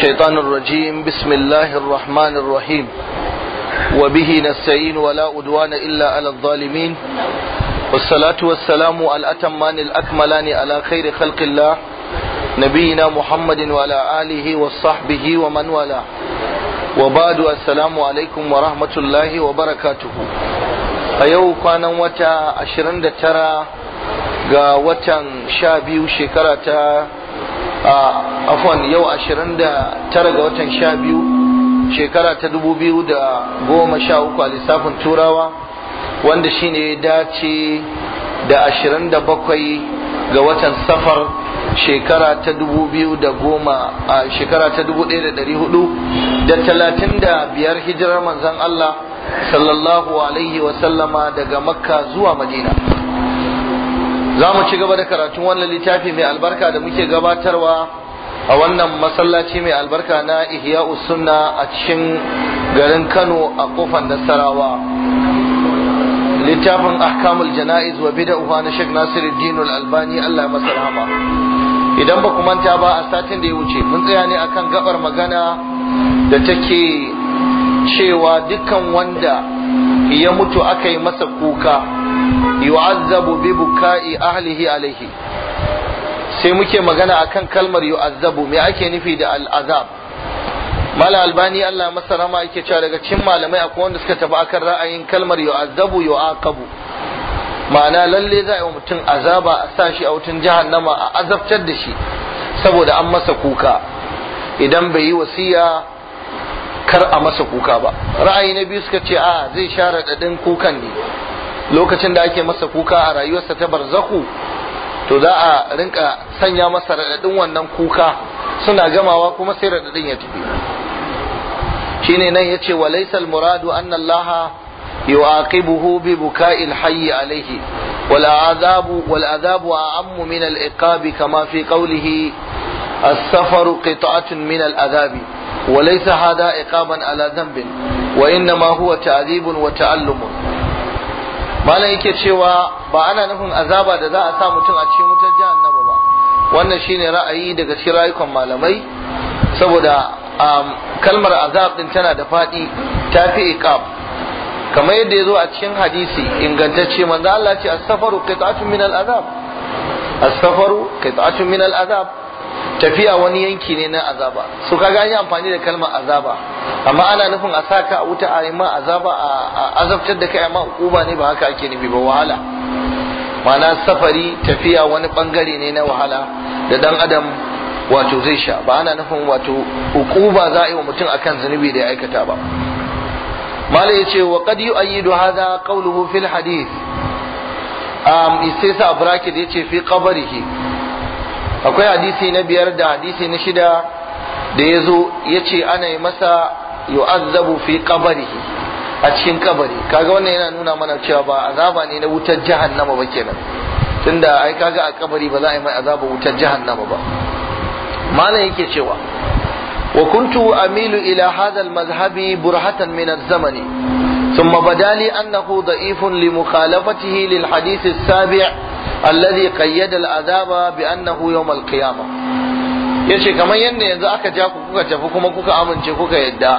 الشيطان الرجيم بسم الله الرحمن الرحيم وبه نستعين ولا أدوان إلا على الظالمين والصلاة والسلام على الأتمان الأكملان على خير خلق الله نبينا محمد وعلى آله وصحبه ومن والاه وبعد السلام عليكم ورحمة الله وبركاته أيو كان وتا أشرند ترى ga watan sha biyu shekara ta afwan yau 29 ga watan 12 shekara ta 2013 a lissafin turawa wanda shine ya dace da 27 ga watan safar shekara ta 2010 1400 da 35 hijirar manzan Allah sallallahu alaihi wasallama daga makka zuwa madina za mu ci gaba da karatun wannan littafi mai albarka da muke gabatarwa a wannan masallaci mai albarka na ihya sunna a cikin garin kano a kofan nasarawa littafin ahkamul jana'iz wa uwa na shek dinul albani allah masa rahama idan ba ku manta ba a satin da ya wuce mun tsaya ne akan gabar magana da take cewa dukkan wanda ya mutu aka yi masa kuka yu'azzabu bi buka'i ahlihi alaihi sai muke magana akan kalmar yu'azzabu me ake nufi da al'azab mala albani Allah masa rama yake cewa daga cikin malamai akwai wanda suka tafi akan ra'ayin kalmar yu'azzabu yu'aqabu ma'ana lalle za a mutum azaba a sa shi a wutun jahannama a azabtar da shi saboda an masa kuka idan bai yi wasiya kar a masa kuka ba ra'ayi na biyu suka ce a zai share dadin kukan ne lokacin da ake masa kuka a rayuwarsa ta barzaku, to za a rinka sanya masa raɗaɗin wannan kuka suna gamawa kuma sai raɗaɗin ya tafi shine nan yace wa laysal muradu annallaha, Allah yu'aqibuhu bi buka'il hayy alayhi wal azabu wal azabu a'ammu min al iqabi kama fi qawlihi السفر قطعة من العذاب وليس هذا إقاما على ذنب huwa هو wa ta'allumun malam yake cewa ba ana nufin azaba da za a sa mutum a cikin wutar jihar jahannama ba wannan shine ra'ayi daga cikin rayukan malamai saboda um, kalmar azab din tana da fadi ta fi iqab kamar yadda ya zo a cikin hadisi ingantacce manzo Allah ce as-safaru qit'atun min al-azab as-safaru qit'atun min al-azab tafiya wani yanki ne na azaba so kaga an yi amfani da kalmar azaba amma ana nufin a sa ka a wuta a ma azaba a azabtar da kai amma hukuma ne ba haka ake nufi ba wahala ma'ana safari tafiya wani bangare ne na wahala da dan adam wato zai sha ba ana nufin wato hukuma za a yi wa mutum akan zunubi da ya aikata ba malai yace wa qad yu'ayyidu hadha qawluhu fil hadith um sai sa bracket yace fi qabrihi akwai hadisi na biyar da hadisi na shida da ya zo ya ce ana yi masa yu'azzabu fi qabarihi a cikin kabari kaga wannan yana nuna mana cewa ba azaba ne na wutar jahannama ba kenan tunda ai kaga a kabari ba za a yi mai azaba wutar jahannama ba malam yake cewa wa kuntu amilu ila hadha al-madhhabi burhatan min az-zamani ثم بدا لي أنه ضعيف لمخالفته للحديث السابع الذي قيد العذاب بأنه يوم القيامة ya ce kamar yadda yanzu aka ja ku kuka tafi kuma kuka amince kuka yadda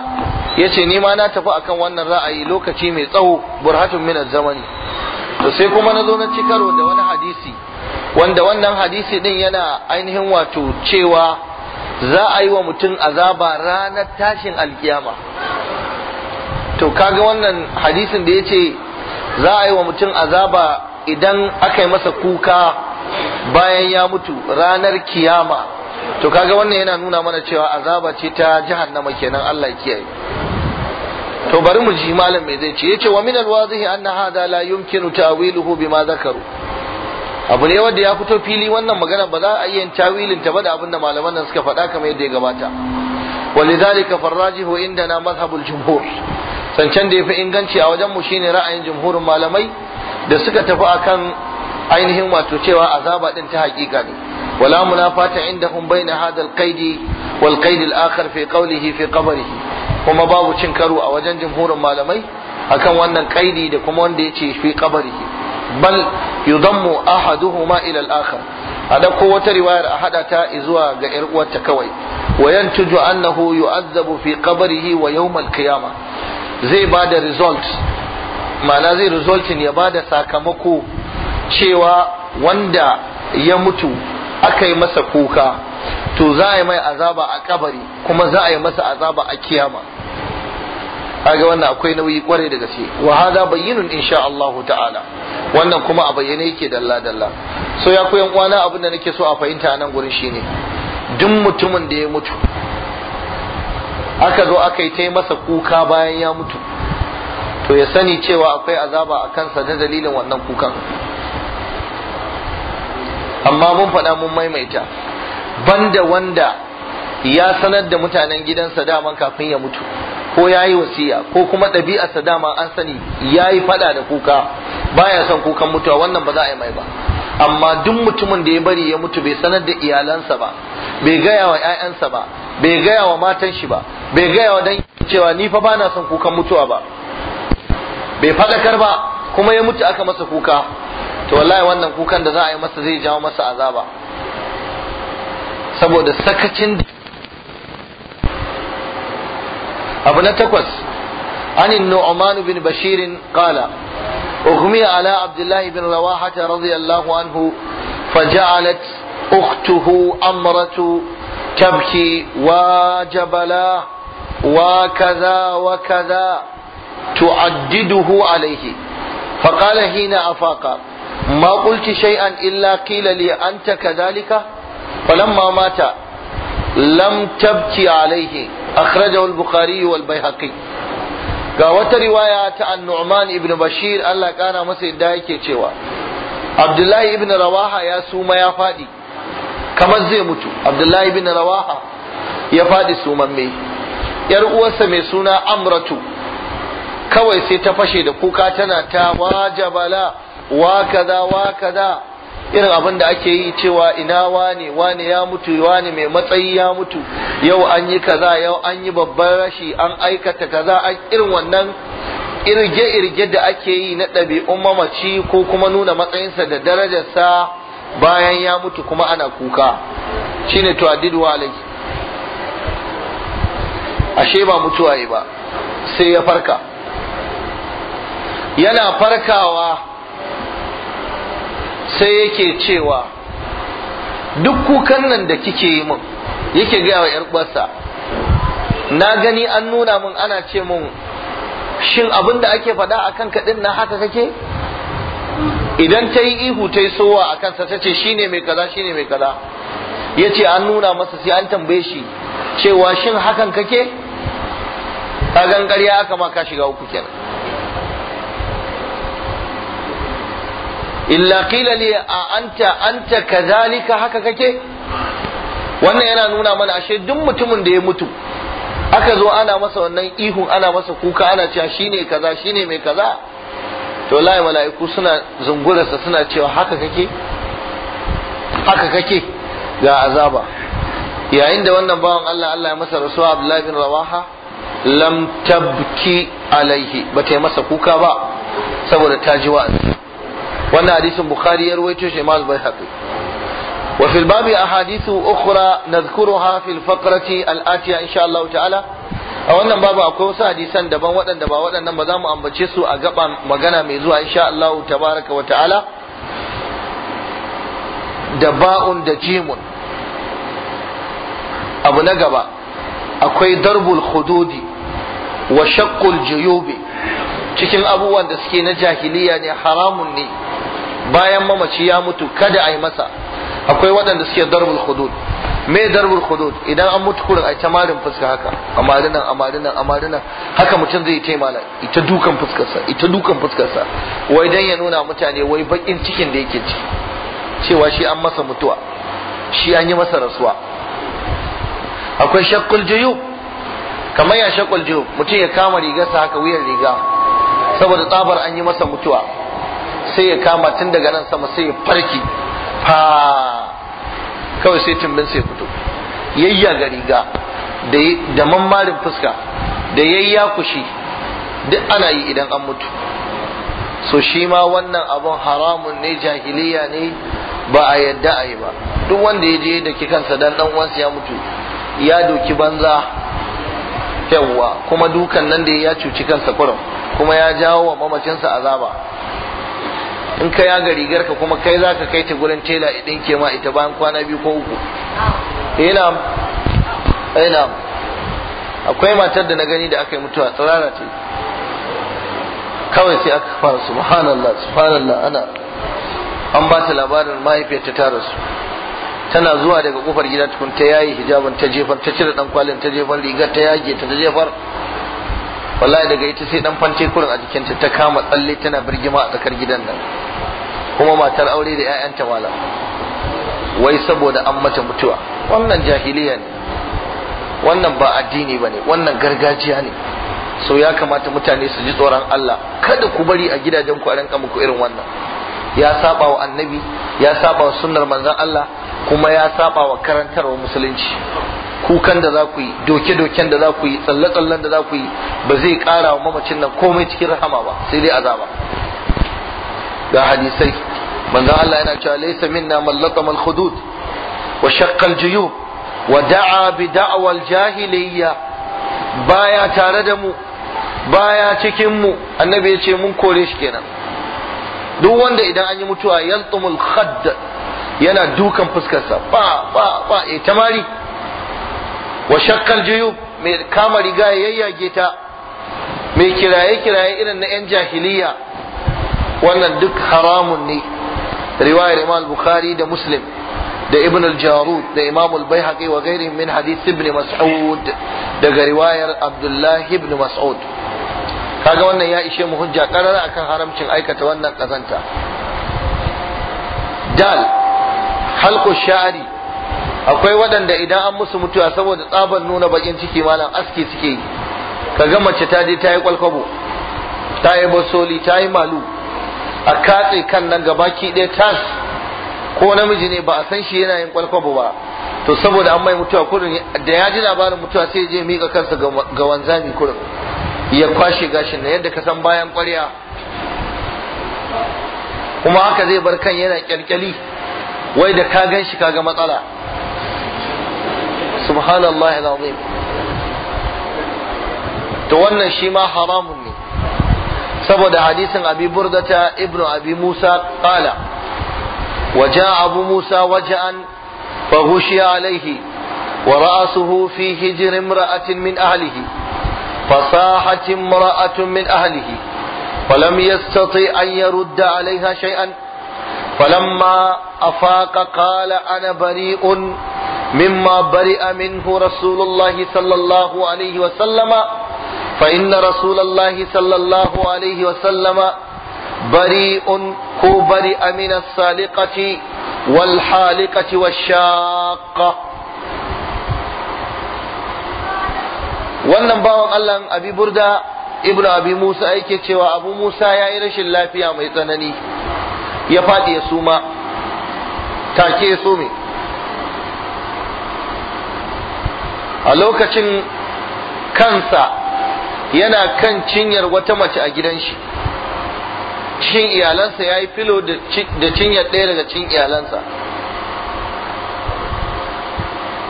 ya ce ni ma na tafi akan wannan ra'ayi lokaci mai tsawo burhatun min zamani to sai kuma na zo na ci karo da wani hadisi wanda wannan hadisi din yana ainihin wato cewa za a yi wa mutum azaba ranar tashin alkiyama to kaga wannan hadisin da ya ce za a yi wa mutum azaba idan aka yi masa kuka bayan ya mutu ranar kiyama to kaga wannan yana nuna mana cewa azaba ce ta jahannama kenan Allah kiyaye to bari mu ji malam me zai ce yace wa min alwazihi anna hada la yumkinu ta'wiluhu bima zakaru abu ne wanda ya fito fili wannan magana ba za a iya tawilin ta ba da abinda malaman nan suka faɗa kamar yadda ya gabata ولذلك فالراجح عندنا مذهب الجمهور sancan da yafi inganci a wajen wajenmu shine ra'ayin jumhurin malamai da suka tafi akan ainihin wato cewa azaba din ta hakika ne ولا منافاة عندهم بين هذا القيد والقيد الآخر في قوله في قبره kuma babu cin karo a wajen jumhurin malamai akan wannan kaidi da kuma wanda ya ce fi kabarihi bal yudammu ahaduhuma ila al-akhar a dauko wata riwayar a haɗa ta izuwa ga yar uwarta kawai wa yantuju annahu yu'azzabu fi qabrihi wa yawm al-qiyamah zai bada result ma'ana zai resultin ya bada sakamako cewa wanda ya mutu aka yi masa kuka to za a yi mai azaba a kabari kuma za a yi masa azaba a kiyama kaga wannan akwai nauyi kwarai da gaske wa hada bayyinun insha Allah ta'ala wannan kuma a bayyane yake dalla dalla so ya yan kwana abin da nake so a fahimta nan gurin shine duk mutumin da ya mutu aka zo aka yi ta masa kuka bayan ya mutu to ya sani cewa akwai azaba a kansa na dalilin wannan kukan amma mun faɗa mun maimaita banda wanda ya sanar da mutanen gidansa dama kafin ya mutu ko ya yi wasiya ko kuma sa dama an sani ya yi faɗa da kuka baya son kukan mutuwa wannan ba za a yi mai ba amma duk mutumin da ya bari ya mutu bai sanar da iyalansa ba bai gaya wa 'ya'yansa ba bai gaya wa matan shi ba bai gaya wa dan cewa ni fa bana son kukan mutuwa ba bai faɗakar ba kuma ya mutu aka masa kuka to wallahi wannan kukan da za a yi masa zai jawo masa azaba saboda sakacin abu na takwas an nu'man bin bashir qala اغمي على عبد الله بن رواحة رضي الله عنه فجعلت أخته أمرة تبكي وجبلا وكذا وكذا تعدده عليه فقال حين أفاق ما قلت شيئا إلا قيل لي أنت كذلك فلما مات لم تبكي عليه أخرجه البخاري والبيهقي ga wata riwaya ta annu'man ibn bashir Allah kana masa yadda yake cewa abdullahi ibn rawaha ya suma ya fadi kamar zai mutu abdullahi ibn rawaha ya fadi sumamme yar uwarsa mai suna amratu kawai sai ta fashe da kuka tana ta wajabala wa kaza wa kaza irin abin da ake yi cewa ina wane wane ya mutu wane mai matsayi ya mutu yau an yi kaza yau an yi babban rashi an aikata kaza an irin wannan irge-irge da ake yi na ɗabi'un mamaci ko kuma nuna matsayinsa da darajarsa bayan ya mutu kuma ana kuka shine tuadid walai ashe ba mutuwa ba sai ya farka yana farkawa sai yake cewa duk kukan nan da kike yi min yake gaya wa 'yar uwarsa na gani an nuna min ana ce min shin abin da ake faɗa a kanka ɗin na haka kake idan ta yi ihu ta yi sowa a kansa ta ce shi ne mai kaza shi ne mai kaza ya ce an nuna masa sai an tambaye shi cewa shin hakan kake a gangarya aka ma ka shiga uku kenan illa qila li a anta anta kadhalika haka kake wannan yana nuna mana ashe duk mutumin da ya mutu aka zo ana masa wannan ihun ana masa kuka ana cewa shine kaza shine mai kaza to lai mala'iku suna zungurarsa suna cewa haka kake haka kake ga azaba yayin da wannan bawan Allah Allah ya masa rasuwa Abdullahi bin Rawaha lam tabki alaihi ba ta yi masa kuka ba saboda ta ji wa'azi wannan hadisin bukhari ya ruwaito shi imam al-baihaqi wa fil babi ahadithu ukhra nadhkuruha fil faqrati al-atiya insha Allah ta'ala a wannan babu akwai wasu hadisan daban waɗanda ba waɗannan ba za mu ambace su a gaba magana mai zuwa insha Allah tabaraka wa ta'ala da ba'un da jimun abu na gaba akwai darbul hududi wa shaqqul juyubi cikin abubuwan da suke na jahiliya ne haramun ne bayan mamaci ya mutu kada a yi masa akwai waɗanda suke darbul hudud me darbul hudud idan an mutu kurin ai ta marin fuska haka amarinan amarinan amarinan haka mutum zai ta mala ita dukan fuskarsa ita dukan fuskarsa wai dan ya nuna mutane wai bakin cikin da yake ci cewa shi an masa mutuwa shi an yi masa rasuwa akwai shakkul juyub kamar ya shakkul juyub mutum ya kama rigarsa haka wuyan riga saboda tsabar an yi masa mutuwa sai ya kama tun daga nan sama sai ya farki fa kawai sai tumbin sai fito yayya ga riga da mammarin fuska da yayya kushi duk ana yi idan an mutu so shi ma wannan abun haramun ne jahiliya ne ba a yadda a yi ba duk wanda ya je da ki kansa dan dan uwansa ya mutu ya doki banza yawwa kuma dukan nan da ya cuci kansa kurum kuma ya jawo wa mamacinsa azaba in ka yaga rigar ka kuma kai za ka kai ta gurin tela idan ke ma ita bayan kwana biyu ko uku ina eh, ina eh, akwai matar da na gani da aka yi mutuwa tsirara ce kawai sai aka fara subhanallah subhanallah ana an ba ta labarin mahaifiyarta ta rasu tana zuwa daga kofar gida tukun ta yayi hijabin ta jefar ta cire dan kwalin ta jefar rigar ta yage ta jefar wallahi daga ita sai dan fance kurin a jikinta ta kama tsalle tana birgima a tsakar gidan nan kuma matar aure da 'ya'yanta malam wai saboda an mata mutuwa wannan jahiliya ne wannan ba addini bane wannan gargajiya ne so ya kamata mutane su ji tsoron Allah kada ku bari a gidajen ku a ranka muku irin wannan ya saba wa annabi ya saba wa sunnar manzon Allah kuma ya saba wa karantarwa musulunci kukan da za ku yi doke-doken da za ku yi tsalle-tsallen da za ku yi ba zai kara wa mamacin nan komai cikin rahama ba sai dai azaba ga hadisai manzo Allah yana cewa laysa minna man latama al hudud wa shaqqa al-juyub wa da'a bi da'wa al-jahiliyya baya tare da mu baya cikin mu annabi ya ce mun kore shi kenan duk wanda idan an yi mutuwa yantumul khadd yana dukan fuskarsa ba ba ba eh tamari wa shakkal juyub mai kama riga ya yayyage ta mai kiraye-kiraye irin na 'yan jahiliya wannan duk haramun ne riwayar imam bukhari da muslim da ibn al-jarud da imam al-baihaqi wa gairin min hadith ibn mas'ud daga riwayar abdullah ibn mas'ud kaga wannan ya ishe mu hujja karara akan haramcin aikata wannan kazanta dal halqu sha'ri akwai waɗanda idan an musu mutuwa saboda tsaban nuna bakin ciki malam aski suke yi ka ga mace ta je ta yi kwalkwabo ta yi basoli ta yi malu a katse kan nan ki ɗaya tas ko namiji ne ba a san shi yana yin kwalkwabo ba to saboda an mai mutuwa kurin da ya ji labarin mutuwa sai je miƙa kansa ga wanzami kurin ya kwashe gashin na yadda ka san bayan ƙwarya kuma haka zai bar kan yana kyalkyali wai da ka gan shi kaga matsala subhanallahi alazim to wannan shi ma haramun ne saboda hadisin abi burdata ibnu abi musa qala وجاء أبو موسى وجعا فغشي عليه ورأسه في هجر امرأة من أهله فصاحت امرأة من أهله فلم يستطع أن يرد عليها شيئا فلما أفاق قال أنا بريء مما برئ منه رسول الله صلى الله عليه وسلم فإن رسول الله صلى الله عليه وسلم بريء هو برئ من السالقة والحالقة والشاقة wannan bawan Allah abi burda ibnu abi musa yake cewa abu musa ya yi rashin lafiya mai tsanani ya faɗi ya suma take ya sume a lokacin kansa yana kan cinyar wata mace a gidan shi cikin iyalansa ya yi filo da cinyar ɗaya daga cikin iyalansa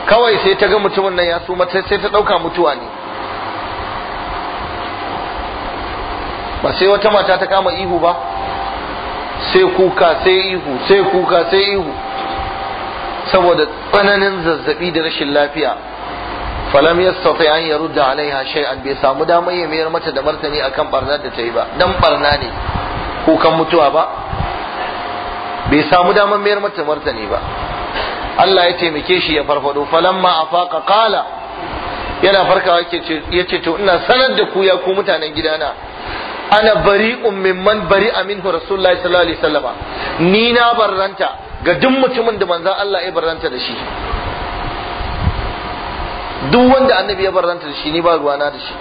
kawai sai ta ga mutumin nan ya suma sai ta ɗauka mutuwa ne ba sai wata mata ta kama ihu ba sai kuka sai ihu sai kuka sai ihu saboda tsananin zazzabi da rashin lafiya falam yastati an yarudda alaiha shay'an bai samu damar ya mayar mata da martani akan barnar da ta yi ba dan barna ne kukan mutuwa ba bai samu damar mayar mata martani ba Allah ya taimake shi ya farfado falamma afaka qala yana farkawa yake ce to ina sanar da ku ya ku mutanen gidana ana ummin mimman bari Aminu rasulullahi sallallahu alaihi wasallama ni na barranta ga duk mutumin da manzon Allah ya barranta da shi duk wanda annabi ya barranta da shi ni ba ruwana da shi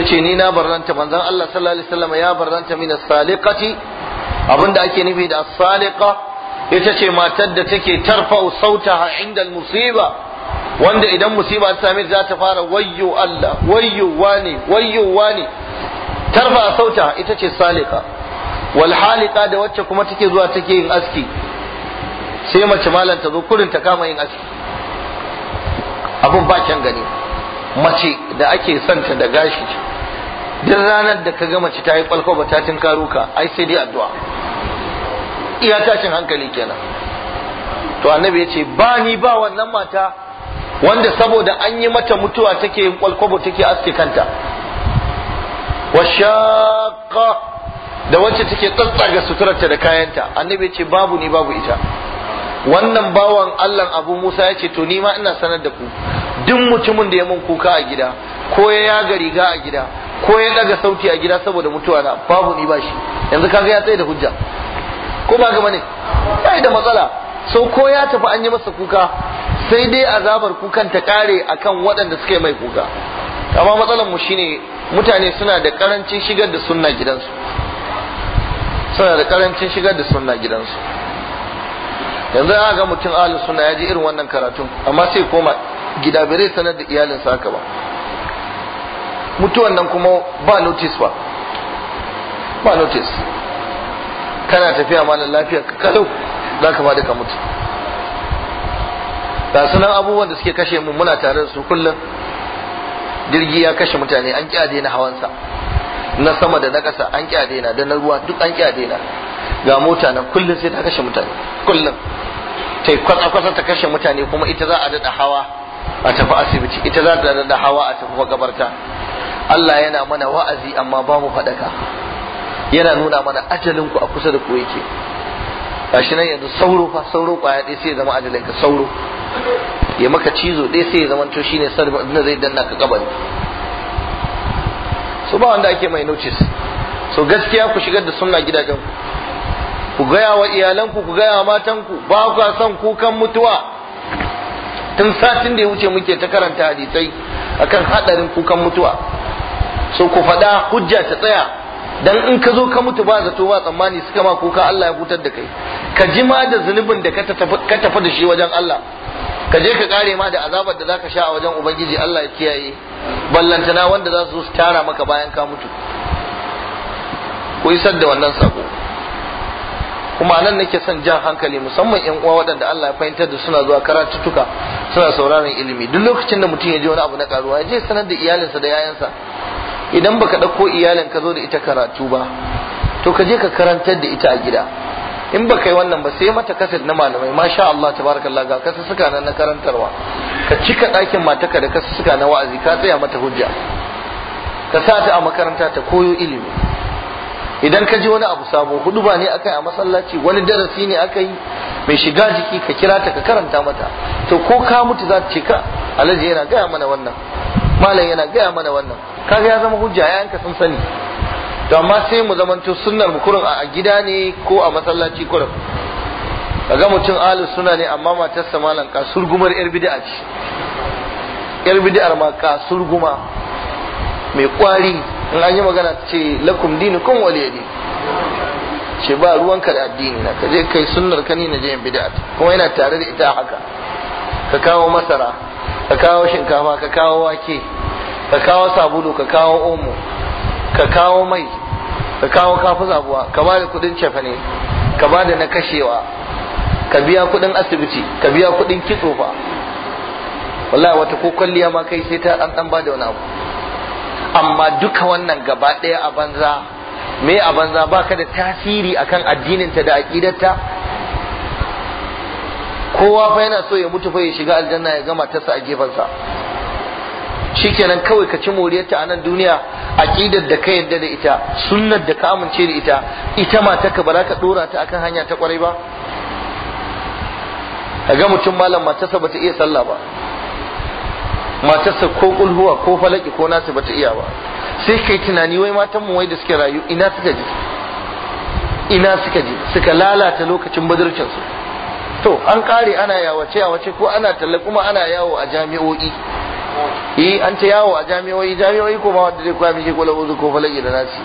yace ni na barranta manzon Allah sallallahu alaihi wasallama ya barranta min as-saliqati abinda ake nufi da as-saliqa yace ce matar da take tarfa sautaha inda al-musiba wanda idan musiba ta same za ta fara wayyo Allah wayyo wani wayyo wani tarfa sauta ita ce salika wal halika da wacce kuma take zuwa take yin aski sai mace malam ta zo kurin ta kama yin aski abun ba kyan gani mace da ake santa da gashi duk ranar da ka ga mace ta yi kwalko ba ta tinkaro ka ai sai dai addu'a iya tashin hankali kenan to annabi ya ce ba ni ba wannan mata wanda saboda an yi mata mutuwa take yin kwalkwabo take aske kanta wa shaqqa da wacce take tsatsaga suturarta da kayanta annabi ya ce babu ni babu ita wannan bawan Allah Abu Musa ya ce to ni ma ina sanar da ku duk mutumin da ya mun kuka a gida ko ya yaga riga a gida ko ya daga sauti a gida saboda mutuwa na babu ni ba shi yanzu kaga ya tsaye da hujja ko ba ga bane sai da matsala so ko ya tafi an yi masa kuka sai dai azabar kukan ta kare akan waɗanda suka yi mai kuka amma matsalar mu shine mutane suna da karancin shigar da sunna gidansu suna da karancin shigar da sunna gidansu yanzu aka ga mutum ahlus sunna ya ji irin wannan karatun amma sai koma gida bai sanar da iyalinsa haka ba mutuwan nan kuma ba notice ba ba notice kana tafiya malam lafiya ka kalau za ka faɗi ka mutu ga sunan abubuwan da suke kashe mu muna tare da su kullum jirgi ya kashe mutane an ƙi daina hawansa na sama da na ƙasa an ƙi daina da na ruwa duk an ƙi daina ga mota nan kullum sai ta kashe mutane kullum ta yi kwatsa-kwatsa ta kashe mutane kuma ita za a daɗa hawa a tafi asibiti ita za ta daɗa hawa a tafi magabarta Allah yana mana wa'azi amma ba mu faɗaka yana nuna mana ajalinku a kusa da ku yake gashi nan yanzu sauro fa sauro kwaya ɗaya sai zama ajalin ka sauro ya maka cizo ɗaya sai ya zama to shine sarba zai danna ka kabari so ba wanda ake mai notice so gaskiya ku shigar da sunna gidajen ku ku gaya wa iyalanku ku gaya wa matanku ba ku kukan mutuwa tun satin da ya wuce muke ta karanta hadisai akan hadarin kukan mutuwa so ku faɗa hujja ta tsaya dan in ka zo ka mutu ba zato ba tsammani suka ma kuka Allah ya hutar da kai ka ji ma da zunubin da ka tafi da shi wajen Allah ka je ka kare ma da azabar da zaka sha a wajen ubangiji Allah ya kiyaye ballantana wanda za su tara maka bayan ka mutu ku isar da wannan sako kuma nan nake son jan hankali musamman yan uwa waɗanda Allah ya fahimtar da suna zuwa karatuttuka suna sauraron ilimi duk lokacin da mutum ya ji wani abu na karuwa ya je sanar da iyalinsa da yayansa idan baka ɗauko iyalin ka zo da ita karatu ba to ka je ka karantar da ita a gida in ba kai wannan ba sai mata kaset na malamai masha Allah tabarakallah ga kasu suka nan na karantarwa ka cika ɗakin mataka da kasu suka na wa'azi ka tsaya mata hujja ka sa ta a makaranta ta koyo ilimi idan ka ji wani abu sabo hudu ba ne aka yi a masallaci wani darasi ne aka yi mai shiga jiki ka kira ta ka karanta mata to ko ka mutu za ta ce ka alhaji yana gaya mana wannan malam yana gaya mana wannan kaga ya zama hujja yanka sun sani to amma sai mu zamanto sunnar mu kurin a gida ne ko a masallaci kurin ga mutum ahli suna ne amma matarsa malam ka surgumar yar bid'a ce yar bid'ar ma ka surguma mai kwari in an yi magana ta ce lakum dinukum waliyadi ce ba ruwanka da addini na kaje kai sunnar ka ni na jiyan bid'a kuma yana tare da ita haka ka kawo masara ka kawo shinkafa ka kawo wake ka kawo sabulu ka kawo omo ka kawo mai ka kawo kafu zabuwa ka ba da kudin cefane ka ba da na kashewa ka biya kudin asibiti ka biya kudin kitso fa wallahi wata ko kwalliya ma kai sai ta ɗanɗan dan ba da wani abu amma duka wannan gaba ɗaya a banza me a banza ka da tasiri akan addininta da aƙidarta kowa fa yana so ya mutu fa ya shiga aljanna ya gama tasa a gefensa shikenan kawai ka ci moriyarta a nan duniya aqidar da ka yarda da ita sunnar da ka amince da ita ita ma ta ka ba ka dora ta akan hanya ta kwarai ba ga mutum malam ma matarsa ta iya sallah ba matarsa ko kulhuwa ko falaki ko nasu bata iya ba sai kai tunani wai matan mu wai da suke rayu ina suka ji ina suka ji suka lalata lokacin budurcin su to an kare ana yawace yawace ko ana talla kuma ana yawo a jami'o'i eh an ta yawo a jami'o'i jami'o'i ko ba wanda zai koya miki ko lawo ko falaki da nasi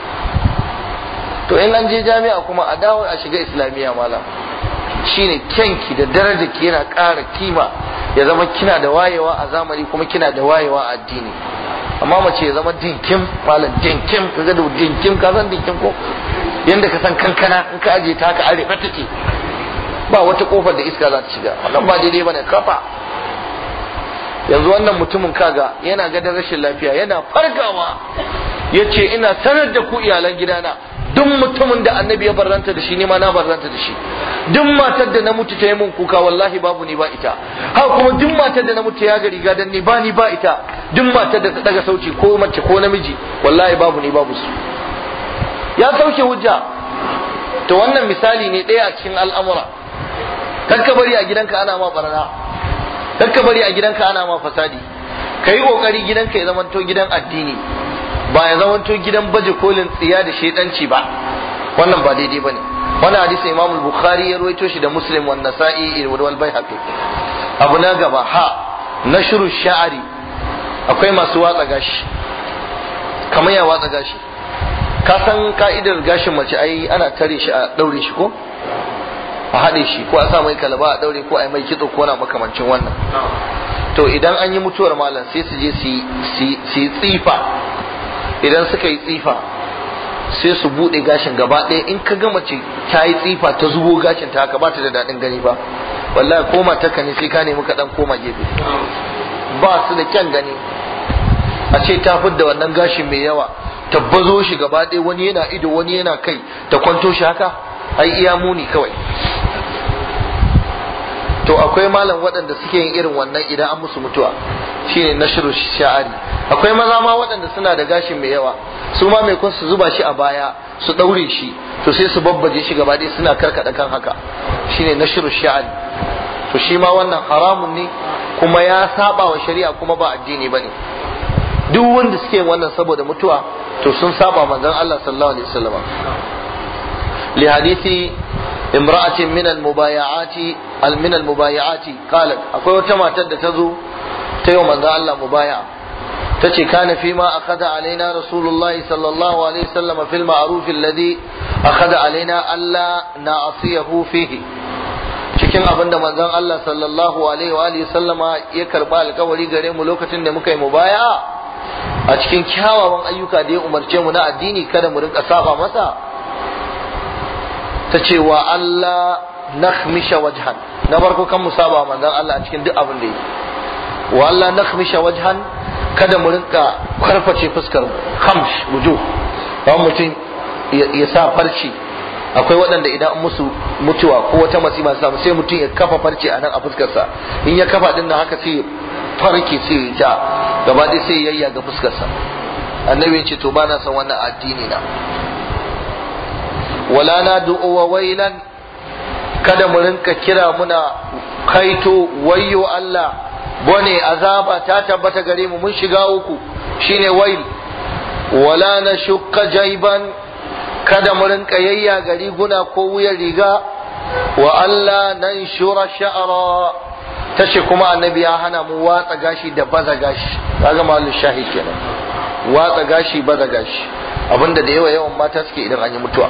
to in an je jami'a kuma a dawo a shiga islamiyya malam shine kyanki da daraja ki yana ƙara kima ya zama kina da wayewa a zamani kuma kina da wayewa a addini amma mace ya zama dinkim malam dinkim kaga da dinkim ka san dinkim ko yanda ka san kankana in ka aje ta ka arefa take ba wata kofar da iska za ta shiga wannan ba daidai bane kafa yanzu wannan mutumin kaga yana gadon rashin lafiya yana fargawa. ya ce ina sanar da ku iyalan gidana duk mutumin da annabi ya barranta da shi ne ma na barranta da shi duk matar da na mutu ta yi mun kuka wallahi babu ni ba ita haka kuma duk matar da na mutu ya ga riga ni ba ni ba ita duk matar da ta daga sauci ko mace ko namiji wallahi babu ni babu su ya sauke hujja to wannan misali ne ɗaya a cikin al'amura kakka bari a gidanka ana ma barna kakka bari a gidanka ana ma fasadi kai kokari gidanka ya zamanto gidan addini ba ya zamanto gidan baje kolin tsiya da shaidanci ba wannan ba daidai bane wannan hadisi imam bukhari ya ruwaito shi da muslim wa nasa'i wal baihaqi abu na gaba ha nashru sha'ari akwai masu watsa gashi kamar ya watsa gashi ka san ka'idar gashin mace ai ana tare shi a daure shi ko a haɗe shi ko a sa mai kalaba a daure ko a yi mai kitso ko na makamancin wannan to idan an yi mutuwar malam sai su je su yi tsifa idan suka yi tsifa sai su buɗe gashin gaba ɗaya in ka gama ce ta yi tsifa ta zubo gashin ta haka ba ta da daɗin gani ba wallahi koma ta kani sai ka nemi kaɗan koma gefe ba su da kyan gani a ce ta fidda wannan gashin mai yawa tabbazo shi gaba ɗaya wani yana ido wani yana kai ta kwanto shi haka ai iya muni kawai to akwai malam waɗanda suke yin irin wannan idan an musu mutuwa shine nashru sha'ari akwai maza ma waɗanda suna da gashi mai yawa su ma mai su zuba shi a baya su ɗaure shi to sai su babbaje shi gaba dai suna karkaɗa kan haka shine nashru sha'ari to shi ma wannan haramun ne kuma ya saba wa shari'a kuma ba addini bane duk wanda suke wannan saboda mutuwa to sun saba manzon Allah sallallahu alaihi wasallam li hadisi imra'atin min al-mubaya'ati al min al-mubaya'ati qalat akwai wata matar da ta zo ta yau manzo Allah mu baya ta ce kana fi ma akhadha alaina rasulullahi sallallahu alaihi wasallam fil ma'ruf alladhi akhadha alaina alla na'siyahu fihi cikin abin da manzon Allah sallallahu alaihi wa alihi sallama ya karba alkawari gare mu lokacin da muka yi baya. a cikin kyawawan ayyuka da ya umarce mu na addini kada mu rinka saba masa ta ce wa Allah nakhmisha wajhan na farko kan mu saba manzon Allah a cikin duk abin da yake wa Allah nakhmisha wajhan kada mu rinka karface fuskar khamsh wuju. ba mutum ya sa farci akwai waɗanda idan musu mutuwa ko wata masifa samu sai mutum ya kafa farce a nan a fuskarsa in ya kafa din nan haka sai farke sai ya ja gaba ɗaya sai yayya ga fuskarsa annabi ya ce to bana san wannan addini na wala na du'uwa wailan kada mu rinka kira muna kaito wayyo Allah bone azaba ta tabbata gare mu mun shiga uku shine wail wala na shukka jaiban kada mu rinka yayya gari guna ko wuyan riga wa Allah nan shura sha'ara tashi kuma annabi ya hana mu watsa gashi da baza gashi kaga malu shahi kenan watsa gashi baza gashi abinda da yawa yawan mata suke idan an yi mutuwa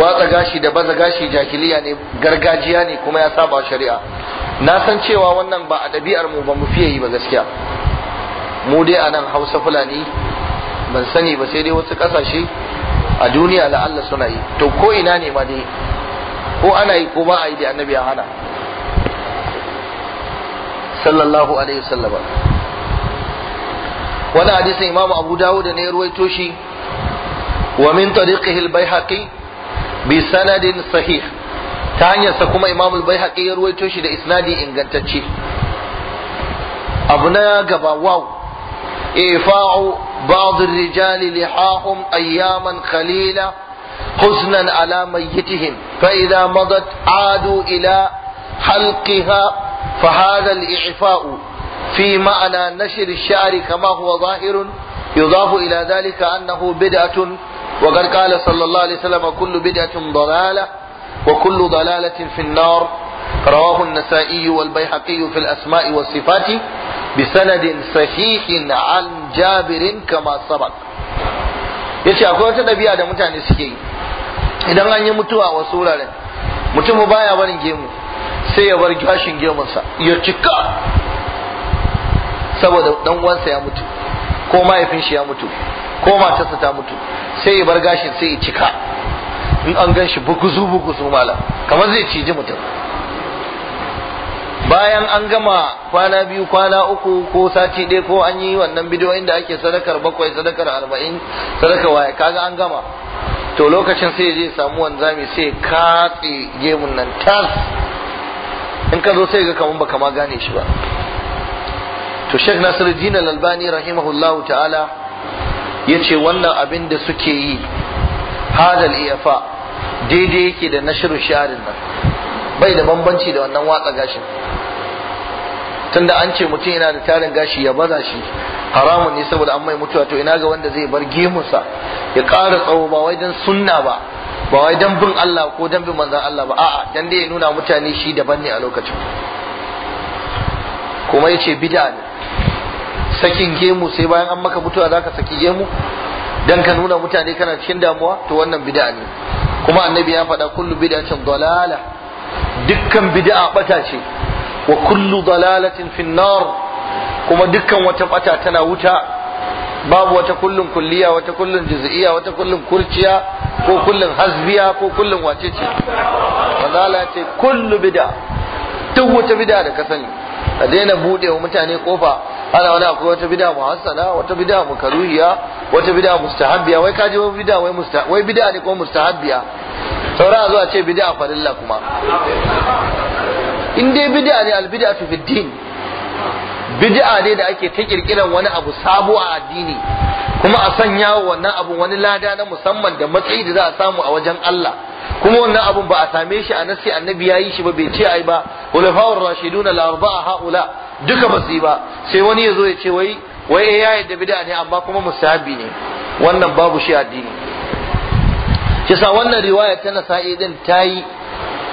watsa gashi da baza gashi jahiliya ne gargajiya ne kuma ya saba shari'a na san cewa wannan ba a ɗabi'ar mu ba mu fiye yi ba gaskiya mu dai a nan hausa fulani ban sani ba sai dai wasu ƙasashe a duniya la'alla suna yi to ko ina ne ma dai ko ana yi ko ba a yi da annabi ya hana sallallahu alaihi wasallam wani hadisin imamu abu dawud ne ya ruwaito shi wa min tariqihi bi sanadin sahih ta hanyar sa kuma imamu bai ya ruwaito shi da isnadi ingantacce abu na gaba waw ifa'u ba'dhi rijali lihahum ayyaman qalila Husnan ala mayyitihim fa Fa'iza madat adu ila halqiha fa hadha al-i'fa'u fi ma'na nashr ash-sha'ri kama huwa zahirun yudafu ila dhalika annahu bid'atun وقد قال صلى الله عليه وسلم كل بدعة ضلالة وكل ضلالة في النار رواه النسائي والبيحقي في الأسماء والصفات بسند صحيح عن جابر كما سبق yace akwai wata ɗabi'a da mutane suke yi idan an yi mutuwa a wasu wuraren mutum baya barin gemu sai ya bar gashin gemunsa ya cika saboda dan uwansa ya mutu ko mahaifin shi ya mutu ko matarsa ta mutu sai ya bar gashin sai ya cika in an gan shi buguzu buguzu malam kamar zai ciji mutum bayan an gama kwana biyu kwana uku ko sati ɗaya ko an yi wannan bidiyo inda ake sadakar bakwai sadakar arba'in sadakar waye kaga an gama to lokacin sai je samu wanzami sai katse gemun nan tas in ka zo sai ga kaman baka ma gane shi ba to Sheikh nasiru Al-Albani rahimahullahu ta'ala yace wannan abin da suke yi hadal iyafa daidai yake da nashiru sharin nan bai da bambanci da wannan watsa gashin tunda an ce mutum yana da tarin gashi ya baza shi haramun ne saboda an mai mutuwa to ina ga wanda zai bar gemunsa ya kara tsawo ba wai don sunna ba ba wai don bin Allah ko don bin manzan Allah ba a'a dan dai ya nuna mutane shi daban ne a lokacin kuma yace bid'a ne sakin gemu sai bayan an maka mutuwa zaka saki gemu dan ka nuna mutane kana cikin damuwa to wannan bid'a ne kuma annabi ya faɗa kullu bid'atin dalala dukkan bid'a bata ce wa kullu dalalatin fin nar kuma dukkan wata bata tana wuta babu wata kullun kulliya wata kullun juz'iyya wata kullun kurciya ko kullun hasbiya ko kullun wacece dalala ce kullu bid'a duk wata bid'a da ka sani a daina bude wa mutane kofa ana wani akwai wata bid'a hasana wata bid'a karuhiya wata bid'a mustahabbiya wai kaji wai bid'a wai musta wai bid'a ne ko mustahabbiya saura zuwa ce bid'a farilla kuma in dai bid'a ne al bid'atu fid din bid'a ne da ake ta kirkiran wani abu sabo a addini kuma a sanya wa wannan abu wani lada na musamman da matsayi da za a samu a wajen Allah kuma wannan abun ba a same shi a nasi annabi yayi shi ba bai ce ai ba ulafa'ur rashiduna al-arba'a haula duka ba ba sai wani yazo ya ce wai wai eh yayi da bid'a ne amma kuma musahabi ne wannan babu shi addini kisa wannan riwaya ta nasa'i din tayi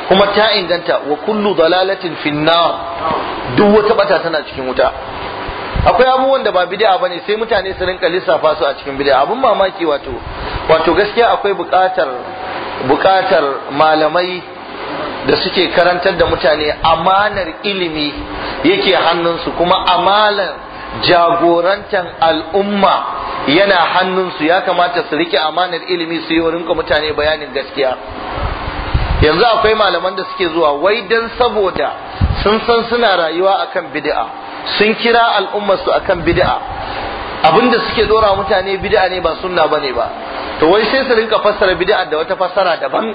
kuma ta inganta wa kullu dalalatin finnar duk wata bata tana cikin wuta akwai abubuwan da ba bid'a bane sai mutane su rinka lissafa su a cikin bid'a abun mamaki wato wato gaskiya akwai buƙatar buƙatar malamai da suke karantar da mutane amanar ilimi yake hannunsu kuma amalar jagorantar al'umma yana hannunsu ya kamata su rike amanar ilimi su yi rinka mutane bayanin gaskiya yanzu akwai malaman da suke zuwa wai dan saboda sun san suna rayuwa akan bid'a sun kira al'umma su akan bid'a abinda suke dora mutane bid'a ne ba sunna bane ba to wai sai su rinka fassara bid'a da wata fassara daban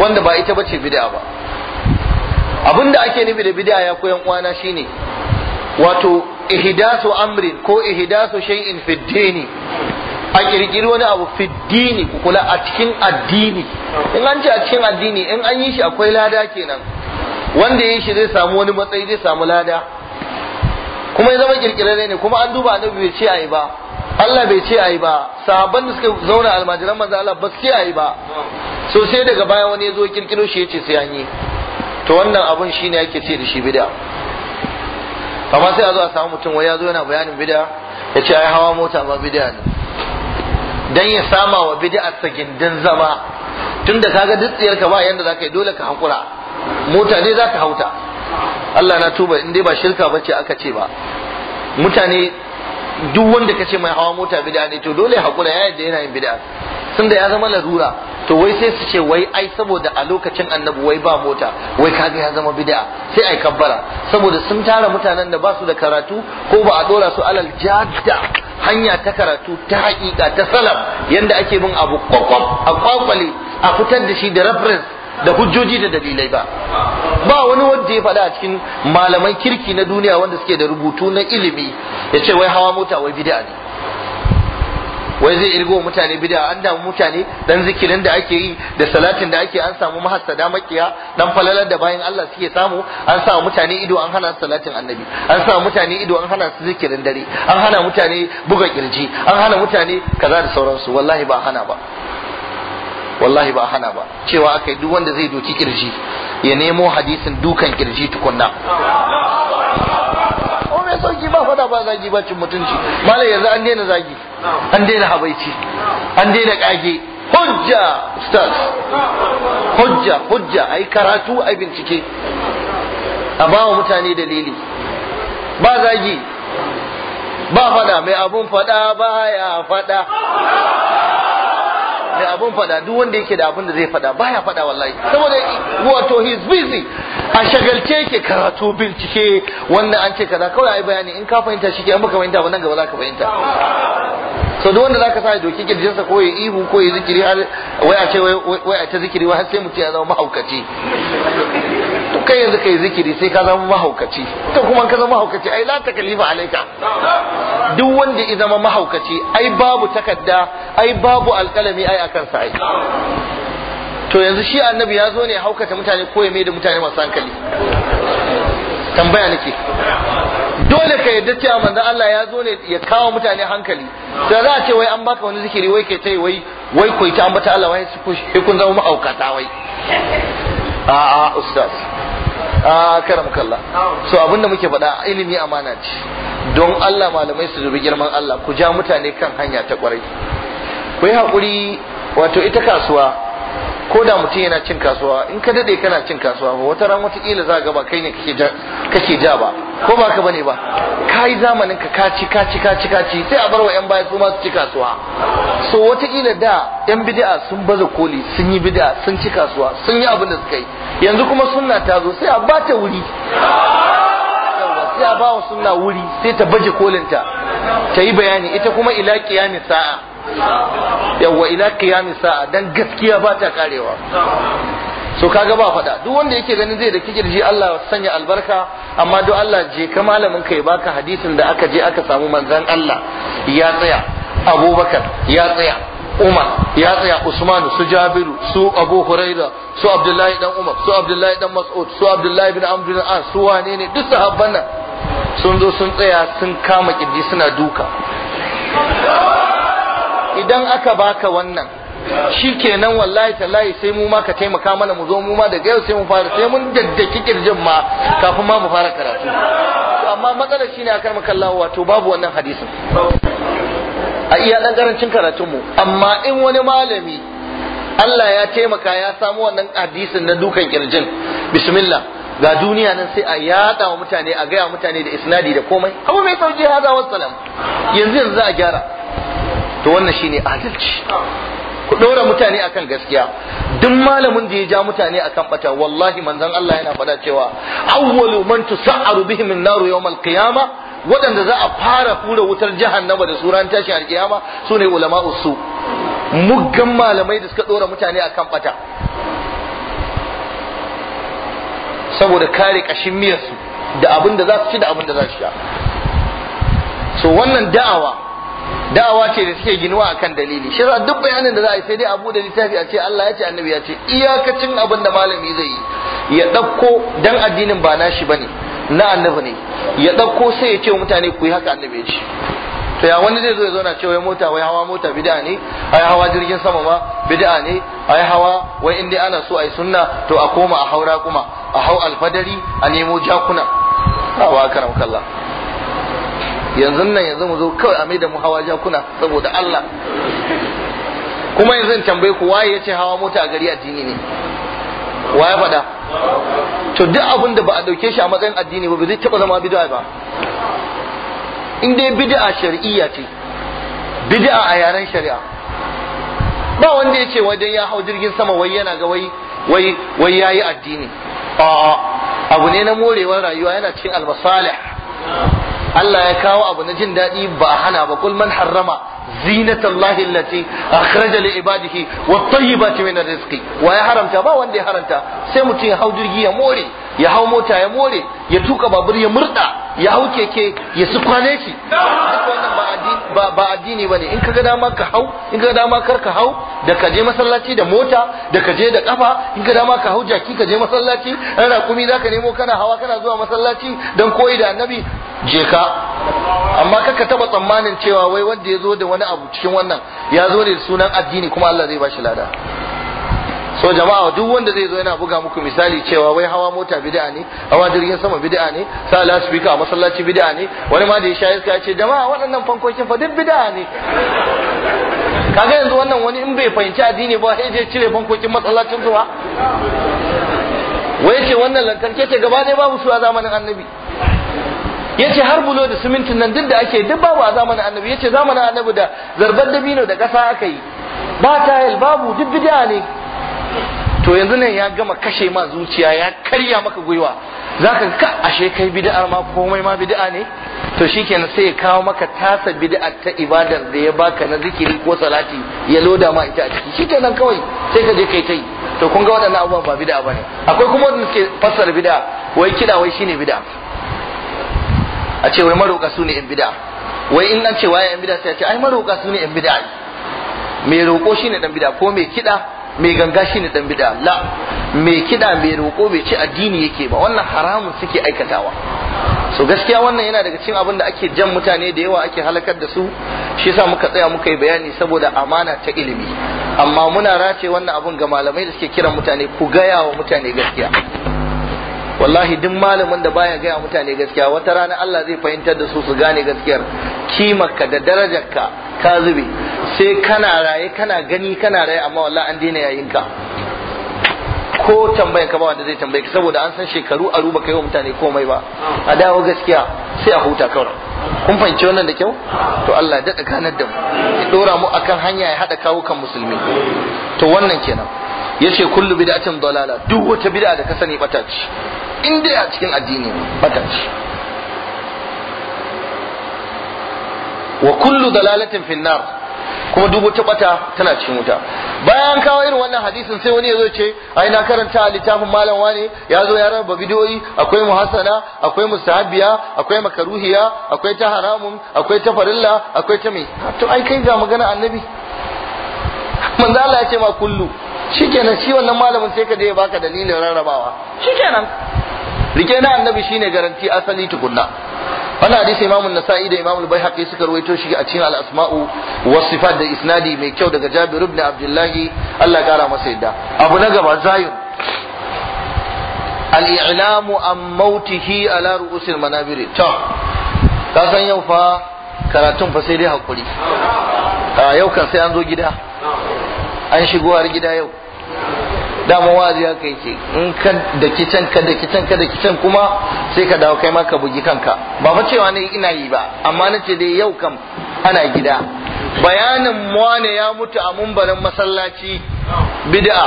wanda ba ita bace bid'a ba abinda ake nufi da bid'a ya koyan uwana shine wato ihdasu amrin ko ihdasu shay'in fid a kirkiri wani abu fiddini kula a cikin addini in an ce a cikin addini in an yi shi akwai lada kenan wanda ya yi shi zai samu wani matsayi zai samu lada kuma ya zama kirkire ne kuma an duba annabi bai ce ayi ba Allah bai ce ayi ba sahabban da suka zauna almajiran manzo Allah ba su ce ayi ba so sai daga baya wani ya zo kirkiro shi ya ce sai an yi to wannan abun shine yake ce da shi bid'a amma sai a zo a samu mutum wai ya zo yana bayanin bid'a ya ce ai hawa mota ma bid'a ne dan ya sama wa bid'ar ta gindin zama tunda kaga dutsiyar ka ba yanda zaka yi dole ka hakura mutane zaka hauta Allah na tuba in dai ba shirka bace aka ce ba mutane duk wanda kace mai hawa mota bid'a ne to dole hakura ya yadda yana yin bid'a da ya zama larura to wai sai su ce wai ai saboda a lokacin annabi wai ba mota wai kaga ya zama bid'a sai ai kabbara saboda sun tara mutanen da ba su da karatu ko ba a dora su alal jadda hanya ta karatu ta haƙiƙa ta salaf yanda ake bin abu kwakwam a kwakwale a fitar da shi da reference da hujjoji da dalilai ba ba wani wanda ya faɗa a cikin malaman kirki na duniya wanda suke da rubutu na ilimi ya ce wai hawa mota wai bid'a ne wai zai irgo mutane bid'a an damu mutane dan zikirin da ake yi da salatin da ake an samu mahassada makiya dan falalar da bayan Allah suke samu an sa mutane ido an hana salatin annabi an sa mutane ido an hana su zikirin dare an hana mutane buga kirji an hana mutane kaza da sauransu wallahi ba hana ba wallahi ba hana ba cewa aka yi duk wanda zai doki kirji ya nemo hadisin dukan kirji tukunna mai sauki ba fada ba zagi ba cin mutunci malam yanzu an daina zagi an daina habaici an daina kage hujja ustaz hujja hujja ai karatu ai bincike a ba wa mutane dalili ba zagi ba fada mai abun fada baya fada mai abun faɗa duk wanda yake da abun da zai fada baya faɗa wallahi saboda wato he is busy a shagalce yake karatu bincike wanda an ce kaza kawai ai bayani in ka fahimta shi ke an baka fahimta ba nan gaba za ka fahimta so duk wanda zaka sa doki jinsa ko ya ihu ko ya zikiri har wai a ce wai a ta zikiri wai har sai mutum ya zama mahaukaci kai yanzu kai zikiri sai ka zama mahaukaci to kuma ka zama mahaukaci ai la takalifa alayka duk wanda ya zama mahaukaci ai babu takadda ai babu alkalami ai akan sa ai to yanzu shi annabi ya zo ne ya haukata mutane ko ya da mutane masu hankali tambaya nake dole ka yadda cewa manzo Allah ya zo ne ya kawo mutane hankali da za a ce wai an baka wani zikiri wai kai tai wai wai koyi ta ambata Allah wai kun zama ma'aukata wai a'a ustaz a ah, karam kalla so abinda muke faɗa ilimi amana ce don Allah malamai su dubi girman Allah ku ja mutane kan hanya ta kwarai ku yi haƙuri wato ita kasuwa ko da mutum yana cin kasuwa in ka dade kana cin kasuwa ba wata ran watakila za ga ba kai ne kake ja ba ko ba ka bane ba ka yi zamanin ka kaci kaci kaci kaci sai a barwa wa yan baya su ma su ci kasuwa so watakila da yan bid'a sun baza koli sun yi bid'a sun ci kasuwa sun yi abin da suka yi yanzu kuma sunna ta zo sai a ba ta wuri sai a ba wa sunna wuri sai ta baje kolinta ta yi bayani ita kuma ila kiyamin sa'a yawwa ila qiyamis sa'a dan gaskiya ba ta karewa so kaga ba faɗa duk wanda yake ganin zai da kirji Allah sanya albarka amma duk Allah je ka malamin kai baka hadisin da aka je aka samu manzon Allah ya tsaya Abubakar ya tsaya Umar ya tsaya Usman su Jabiru su Abu Huraira su Abdullahi dan Umar su Abdullahi dan Mas'ud su Abdullahi bin Amr bin As su wane ne duk sahabban nan sun zo sun tsaya sun kama kirji suna duka idan aka baka wannan shi shikenan wallahi tallahi sai mu ma ka taimaka mana mu zo mu ma daga yau sai mu fara sai mun daddaki kirjin ma kafin ma mu fara karatu amma matsalar shi shine akan makallawa wato babu wannan hadisin a iya dan karancin mu amma in wani malami Allah ya taimaka ya samu wannan hadisin na dukan kirjin bismillah ga duniya nan sai a yada wa mutane a gaya mutane da isnadi da komai abu mai sauki hada wassalam yanzu yanzu za a gyara to wannan shine adalci ku ɗora mutane akan gaskiya duk malamin da ya ja mutane akan bata wallahi manzon Allah yana faɗa cewa awwalu man tusa'aru bihim min naru yawm al-qiyama waɗanda za a fara fura wutar jahannama da suran tashi al kiyama sune ulama su muggan malamai da suka ɗora mutane akan bata saboda kare kashin miyarsu da abin da za su ci da abin da za su sha so wannan da'awa da'awa ce da take ginuwa akan dalili shi za duk bayanin da za a yi sai dai a da littafi a ce Allah ya ce annabi ya ce iyakacin abin da malami zai yi ya ɗauko dan addinin ba shi bane na annabi ne ya ɗauko sai ya ce mutane ku yi haka annabi ya ce to ya wani zai zo ya zauna cewa mota wai hawa mota bid'a ne ai hawa jirgin sama ma bid'a ne ai hawa wai in dai ana so ai sunna to a koma a haura kuma a hau alfadari a nemo jakuna a wa karam yanzu nan yanzu mu zo kawai a maida mu hawa jakuna saboda Allah kuma yanzu in tambaye ku waye yace hawa mota a gari addini ne waye faɗa to duk abin da ba a dauke shi a matsayin addini ba zai taba zama bid'a ba in dai bid'a shar'iyya ce bid'a a yaren shari'a ba wanda ya ce wajen ya hau jirgin sama wai yana ga wai wai wai yayi addini a'a abu ne na morewar rayuwa yana cikin almasalih Allah ya kawo abu na jin daɗi ba a hana ba kul man harrama zinatallahi allati akhraja li ibadihi wat tayyibati min rizqi wa ya haramta ba wanda ya haramta sai mutum ya hau jirgi ya more ya hau mota ya more ya tuka babur ya murda ya hau keke ya su kwane shi ba addini ne in ka dama ka hau in ka dama kar ka hau da ka je masallaci da mota da ka je da kafa in ka dama ka hau jaki ka je masallaci an za ka nemo kana hawa kana zuwa masallaci don koyi da annabi je ka amma ka taba tsammanin cewa wai wanda ya zo da wani abu cikin wannan ya zo ne sunan addini kuma Allah zai ba shi lada so jama'a duk wanda zai zo yana buga muku misali cewa wai hawa mota bid'a ne hawa jirgin sama bid'a ne sa speaker a masallaci bid'a ne wani ma da ya shayar ya ce jama'a waɗannan fankokin fa duk bid'a ne kaga yanzu wannan wani in bai fahimci addini ba sai je cire fankokin masallacin zuwa. wai ce wannan lantarki ce gaba ɗaya babu su a zamanin annabi yace har bulo da simintin nan duk da ake duk babu a zamanin annabi yace zamanin annabi da zarbar dabino da ƙasa aka yi ba tayil babu duk bid'a ne to yanzu nan ya gama kashe ma zuciya ya karya maka gwiwa Za ka ashe kai bid'ar ma komai ma bid'a ne to shikenan sai ya kawo maka tasa bid'ar ta ibadar da ya baka na zikiri ko salati ya loda ma ita a ciki shikenan kawai sai ka je kai tai to kun ga waɗannan abubuwan ba bid'a bane akwai kuma wanda suke fassara bid'a wai kida wai shine bid'a a ce wai maroƙa su ne yan bid'a wai in an ce waye yan bid'a sai a ce ai maroƙa su ne yan bid'a mai roƙo ne dan bid'a ko mai kiɗa? mai ganga shine dan bid'a la mai kida mai roko bai ci addini yake ba wannan haramun suke aikatawa so gaskiya wannan yana daga cikin abin da ake jan mutane da yawa ake halakar da su shi yasa muka tsaya muka yi bayani saboda amana ta ilimi amma muna race wannan abun ga malamai da suke kiran mutane ku gaya wa mutane gaskiya wallahi duk malamin da baya gaya mutane gaskiya wata rana Allah zai fahimtar da su su gane gaskiyar kimarka da darajarka ka zube sai kana raye kana gani kana raye amma wallahi an daina yayin ka ko tambayan ka ba wanda zai tambaye ka saboda an san shekaru a ruba kai wa mutane komai ba a dawo gaskiya sai a huta kawai kun fahimci wannan da kyau to Allah ya daɗa kanar da mu ya ɗora mu akan hanya ya haɗa kawukan musulmi to wannan kenan yace kullu bid'atin dalala duk wata bid'a da ka sani bata ce in dai a cikin addini bata ce wa kullu dalalatin fin nar kuma duk wata bata tana cikin wuta bayan kawo irin wannan hadisin sai wani ya zo ce ai na karanta a littafin malam wane ya zo ya raba bidiyoyi akwai muhassana akwai mustahabiya akwai makaruhiya akwai ta haramun akwai ta farilla akwai ta mai to ai kai ga magana annabi manzo Allah ya ce ma kullu shikenan shi wannan malamin sai ka je ya baka dalilin rarrabawa shikenan rike na annabi shine garanti asali tukunna wannan hadisi imamu nasa'i da imamu bayhaqi suka ruwaito shi a cikin al-asma'u was sifat da isnadi mai kyau daga jabir ibn abdullah Allah kara masa yadda abu na gaba zayun al-i'lamu an mautihi ala ru'usil manabiri to ka san yau fa karatun fa sai dai hakuri ah, yau kan sai an zo gida an shigo har gida yau dama wazi haka yake in ka da kitan ka da kitan ka da kitan kuma sai ka dawo kai ma ka bugi kanka ba fa cewa ne ina yi ba amma na ce dai yau kam ana gida bayanin wane ya mutu a mumbarin masallaci bid'a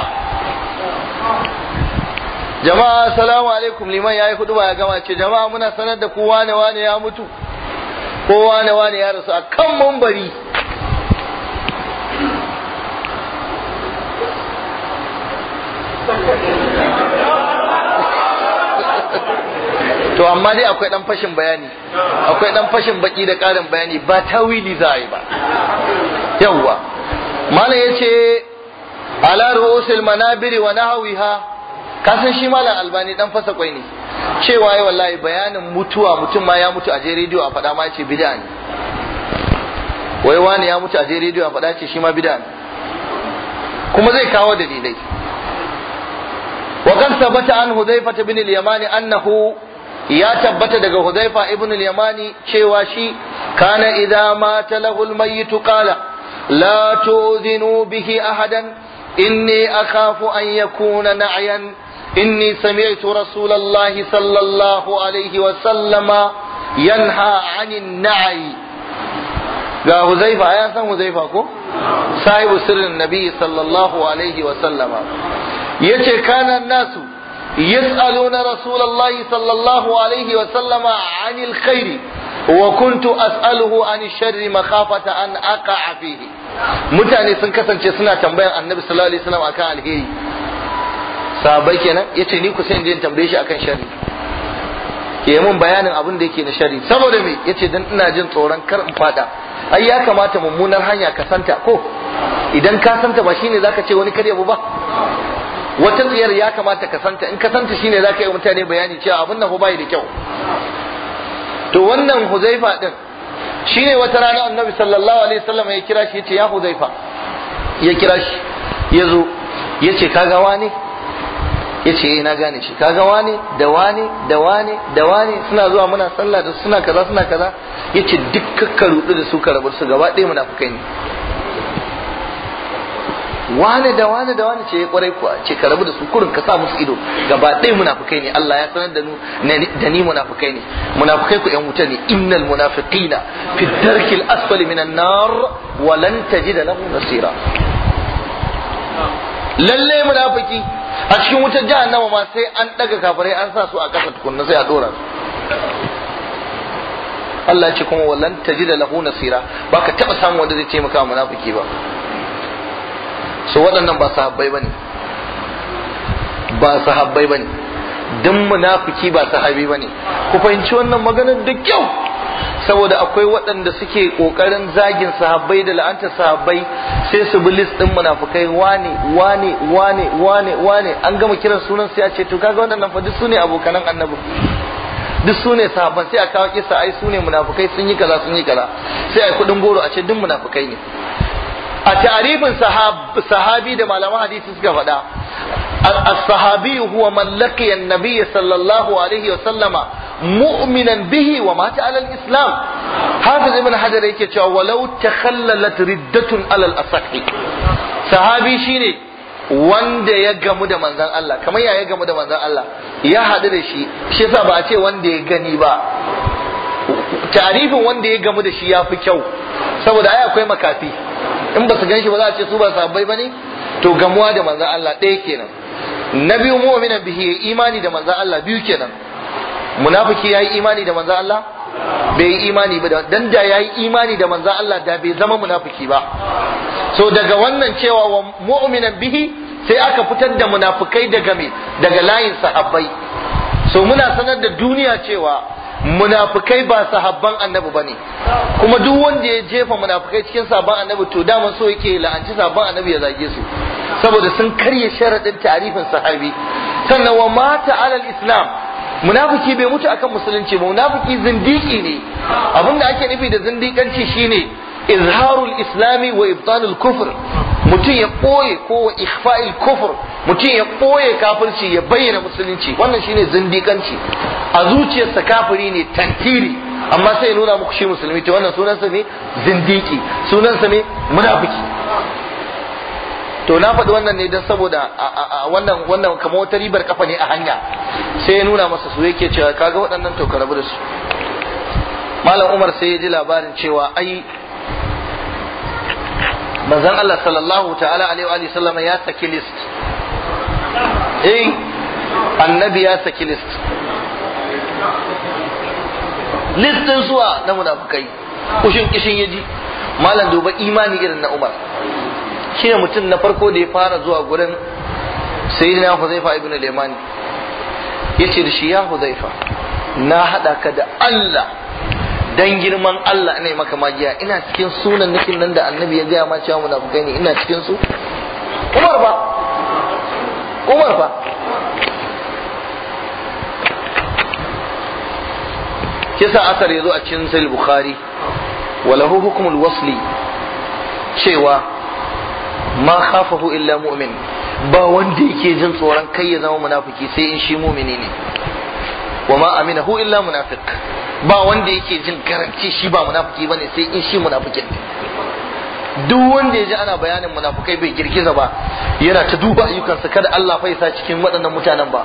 jama'a assalamu alaikum liman yayi hudu ba ya gama ce jama'a muna sanar da ku wane wane ya mutu ko wane wane ya rasu a kan mumbari to amma dai akwai dan fashin bayani akwai dan fashin baki da karin bayani ba tawili za a yi ba yawwa malam yace ala ru'usul manabiri wa nahwiha kasan shi malam albani dan fasa kwai ne cewa ai wallahi bayanin mutuwa mutum ma ya mutu a je rediyo a faɗa ma ce bid'a ne wai wani ya mutu a je rediyo a faɗa ce shi ma bid'a ne kuma zai kawo dalilai wa qad thabata an hudhaifah bin al-yamani annahu ya tabbata daga Hudhaifa ibn al-Yamani cewa shi kana idza mata lahul mayyit qala la tu'dhinu bihi ahadan inni akhafu an yakuna na'yan inni sami'tu rasulallahi sallallahu alaihi wa sallama yanha 'anil na'i ga Huzaifa ya san Huzaifa ko sahibu sirrin nabi sallallahu alaihi wa sallama yace kana nasu يسألون رسول الله صلى الله عليه وسلم عن الخير وكنت أسأله عن الشر مخافة أن أقع فيه mutane sun kasance suna tambayan annabi sallallahu alaihi wasallam akan alheri sahabbai kenan ce ni ku sai in tambaye shi akan shari. ya mun bayanin abin da yake na shari? saboda me yace dan ina jin tsoron kar in fada ai ya kamata mummunar hanya ka santa ko idan ka santa ba shine zaka ce wani abu ba wata tsiyar ya kamata ka santa in ka santa shine za ka yi mutane bayani cewa abin nan bai da kyau to wannan huzaifa din shine wata rana annabi sallallahu alaihi wasallam ya kira shi yace ya huzaifa ya kira shi ya zo yace kaga wani yace eh na gane shi kaga wani da wani da wani da wani suna zuwa muna sallah da suna kaza suna kaza yace duk ka rudu da su ka rabu su gaba ɗaya munafukai ne wane da wane da wane ce ya eh, kwarai kuwa ce ka rabu da su kurin ka sa musu ido gaba ɗaya munafukai ne Allah ya sanar da da ni munafukai ne munafukai ku yan wuta ne innal munafiqina fi darkil asfali minan nar wa lan tajida lahum nasira lalle munafiki a cikin wutar jahannama ma sai an daga kafirai an sa su a ƙasa tukunna sai a dora su Allah ce kuma walan tajida lahu nasira baka taba samun wanda zai taimaka munafiki ba so waɗannan ba sahabbai bane ba sahabbai bane duk munafiki ba sahabi bane ku fahimci wannan maganar da kyau saboda akwai waɗanda suke ƙoƙarin zagin sahabbai da la'anta sahabbai sai su bi list ɗin munafukai wane wane wane wane wane an gama kiran sunan sai a ce to kaga waɗannan fa duk su ne abokanan annabi duk su ne sahabban sai a kawo kisa ai su ne munafukai sun yi kaza sun yi kaza sai ai kuɗin goro a ce duk munafukai ne a tarifin sahabi da malaman hadisi suka faɗa as-sahabi huwa man laqiya an-nabiy sallallahu alaihi wa sallama mu'minan bihi wa mata ala al-islam hafiz ibn hajar yake cewa walau takhallalat riddatun ala al-asahi sahabi shine wanda ya gamu da manzon Allah kamar ya ya gamu da manzon Allah ya hadu da shi shi yasa ba a ce wanda ya gani ba tarifin wanda ya gamu da shi ya fi kyau saboda ai akwai makafi in ba su gan shi ba za a ce su ba sahabbai ba ne to gamuwa da manzan Allah ɗaya kenan na biyu mu'minan bihi imani da manzan Allah biyu kenan munafiki ya yi imani da manzan Allah bai yi imani ba dan da ya yi imani da manzan Allah da bai zama munafiki ba so daga wannan cewa wa mu'minan bihi sai aka fitar da munafikai daga me daga layin sahabbai so muna sanar da duniya cewa Munafukai ba sahabban annabi ba ne kuma duk wanda ya jefa munafukai cikin sabon annabi to dama so yake la'anci sabon annabi ya zage su saboda sun karya sharadin tarifin sahabi sannan wa mata alal islam munafiki bai mutu akan musulunci ba munafiki zindiki ne abinda ake nufi da zindikanci shine izharul islami wa ibtalul kufr mutum ya ɓoye ko wa ikhfa'il kufr mutum ya ɓoye kafirci ya bayyana musulunci wannan shine zindikanci a zuciyarsa kafiri ne tantiri amma sai ya nuna muku shi musulmi to wannan sunansa ne zindiki sunansa ne munafiki to na faɗi wannan ne don saboda wannan wannan kamar wata ribar kafa ne a hanya sai ya nuna masa su yake cewa kaga waɗannan to ka da su malam umar sai ya ji labarin cewa ai manzan Allah sallallahu ta'ala alaihi wa sallama ya saki list eh annabi ya saki list list zuwa na munafukai kushin kishin yaji malam duba imani irin na Umar shine mutum na farko da ya fara zuwa gurin sayyidina Huzaifa ibn al-Yamani yace da shi ya Huzaifa na hada ka da Allah dan girman Allah ne maka magiya ina cikin sunan nufin nan da annabi ya gaya ma cewa munafukai ne ina cikin su Umar ba Umar ba kisa asar yazo a cikin sahih bukhari walahu hukmul wasli cewa ma khafahu illa mu'min ba wanda yake jin tsoron kai ya zama munafiki sai in shi mumini ne wa ma hu illa munafiq ba wanda yake jin garanti shi ba munafiki bane sai in shi munafikin duk wanda ya ji ana bayanin munafukai bai girgiza ba yana ta duba ayyukansa kada Allah fa sa cikin waɗannan mutanen ba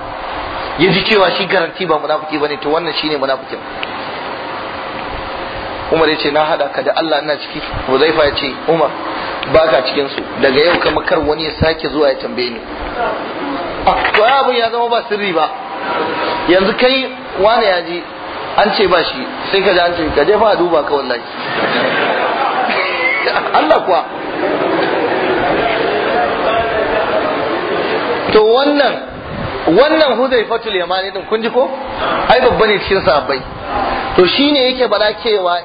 ya ji cewa shi garanti ba munafiki bane to wannan shine munafikin Umar ya ce na hada ka da Allah ina ciki Huzaifa ya ce Umar baka cikin su daga yau kamar kar wani ya sake zuwa ya tambaye ni ah, to abin ya zama ba sirri ba yanzu kai wani ya ji an ce ba shi sai ka ji an ce ka je fa duba ka wallahi Allah kuwa to wannan wannan huzaifatul yamani din kun ji ko ai babba ne cikin sahabbai to shine yake bala cewa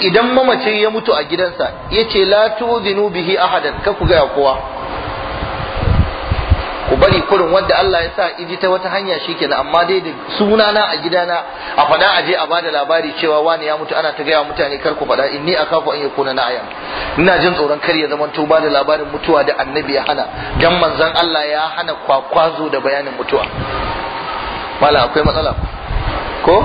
idan mamaci ya mutu a gidansa yace la tuzinu bihi ahadan ka ku ga kowa ku bari kurin wanda Allah ya sa iji ta wata hanya shikenan amma dai da sunana a gidana a fada aje a bada labari cewa wani ya mutu ana ta gaya mutane kar ku fada inni akafu an yakuna na'yan ina jin tsoron kar ya zama tuba da labarin mutuwa da annabi ya hana dan manzon Allah ya hana kwakwazo da bayanin mutuwa mala akwai matsala ko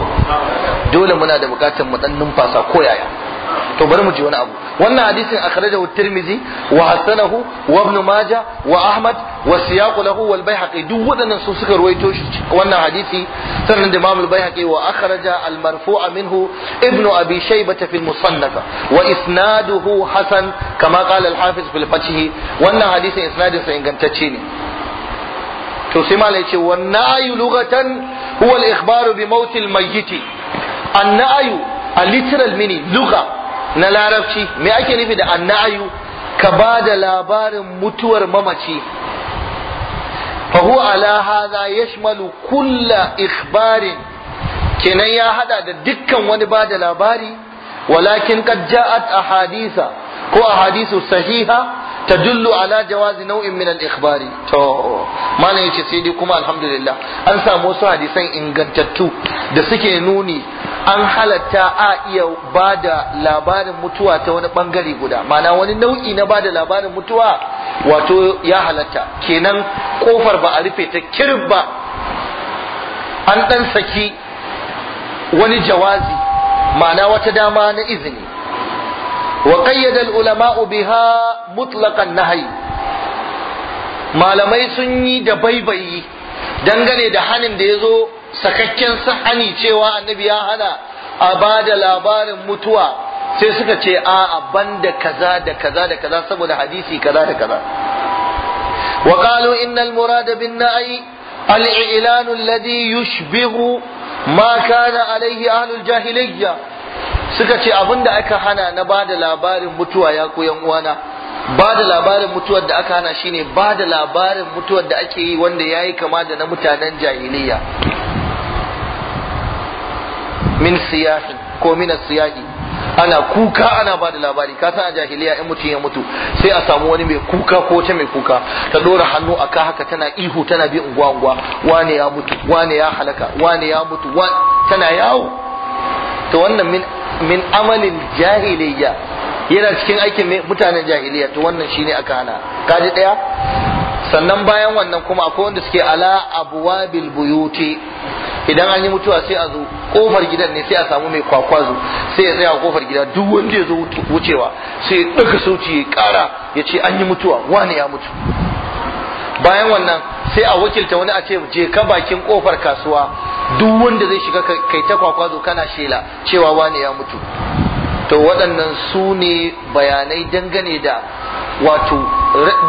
dole muna da bukatar mu dan numfasa ko yaya to bari mu ji wani abu wannan hadisin akhrajahu tirmizi wa hasanahu wa ibn maja wa ahmad wa siyaqu lahu wal baihaqi duk waɗannan su suka ruwaito wannan hadisi sannan da imam al baihaqi wa akhraja al marfu'a minhu ibn abi shaybah fi al musannafa wa isnaduhu hasan kama qala al hafiz fil fath wannan hadisin isnadin sa ingantacce ne to sai malai ce wannan ayu lugatan huwa al ikhbaru bi mautil mayyiti an na'ayu a literal mini luga na larabci me ake nufi da annayu ka ba da labarin mutuwar mamaci fa huwa ala hadha yashmalu kulla ikhbarin kenan ya hada da dukkan wani ba da labari walakin qad ja'at hadisa. ko a hadisu sahiha ta dullu ala jawazi nau'in min al-ikhbari to malam yace sai dai kuma alhamdulillah an samu wasu hadisan ingantattu da suke nuni an halatta a iya bada labarin mutuwa ta wani bangare guda mana wani nau'i na bada labarin mutuwa wato ya halatta kenan kofar ba a rufe ta kirba an dan saki wani jawazi ma'ana wata dama na izini wa qayyada al-ulama'u biha mutlaqan nahyi malamai sun yi da baibayi dangane da hanin da ya zo sakakken sahani cewa annabi ya hana a ba da labarin mutuwa sai suka ce a banda kaza da kaza da kaza saboda hadisi kaza da kaza wa qalu innal murada bin na'i al-i'lan yushbihu ma kana alayhi ahlul jahiliyya suka ce abin da aka hana na ba da labarin mutuwa ya koyan uwana ba da labarin mutuwar da aka hana shine ba da labarin mutuwar da ake yi wanda ya yi kama da na mutanen jahiliya min siyahi ko min siyahi ana kuka ana ba da labari ka san a jahiliya in mutum ya mutu sai a samu wani mai kuka ko ta mai kuka ta dora hannu a ka haka tana ihu tana bi unguwa unguwa wane ya mutu wane ya halaka wane ya mutu tana yawo to wannan min min amalin jahiliya yana cikin aikin mutanen jahiliya to wannan shine aka hana kaji daya sannan bayan wannan kuma akwai wanda suke ala abwabil buyuti idan an yi mutuwa sai a zo kofar gidan ne sai a samu mai kwakwazo sai ya tsaya a kofar gida duk wanda ya zo wucewa sai ya ɗaga sauci ya ƙara ya ce an yi mutuwa wani ya mutu bayan wannan sai a wakilta wani a ce je ka bakin kofar kasuwa duk wanda zai shiga kai ta kwakwazo kana shela cewa wani ya mutu to waɗannan su ne bayanai dangane da wato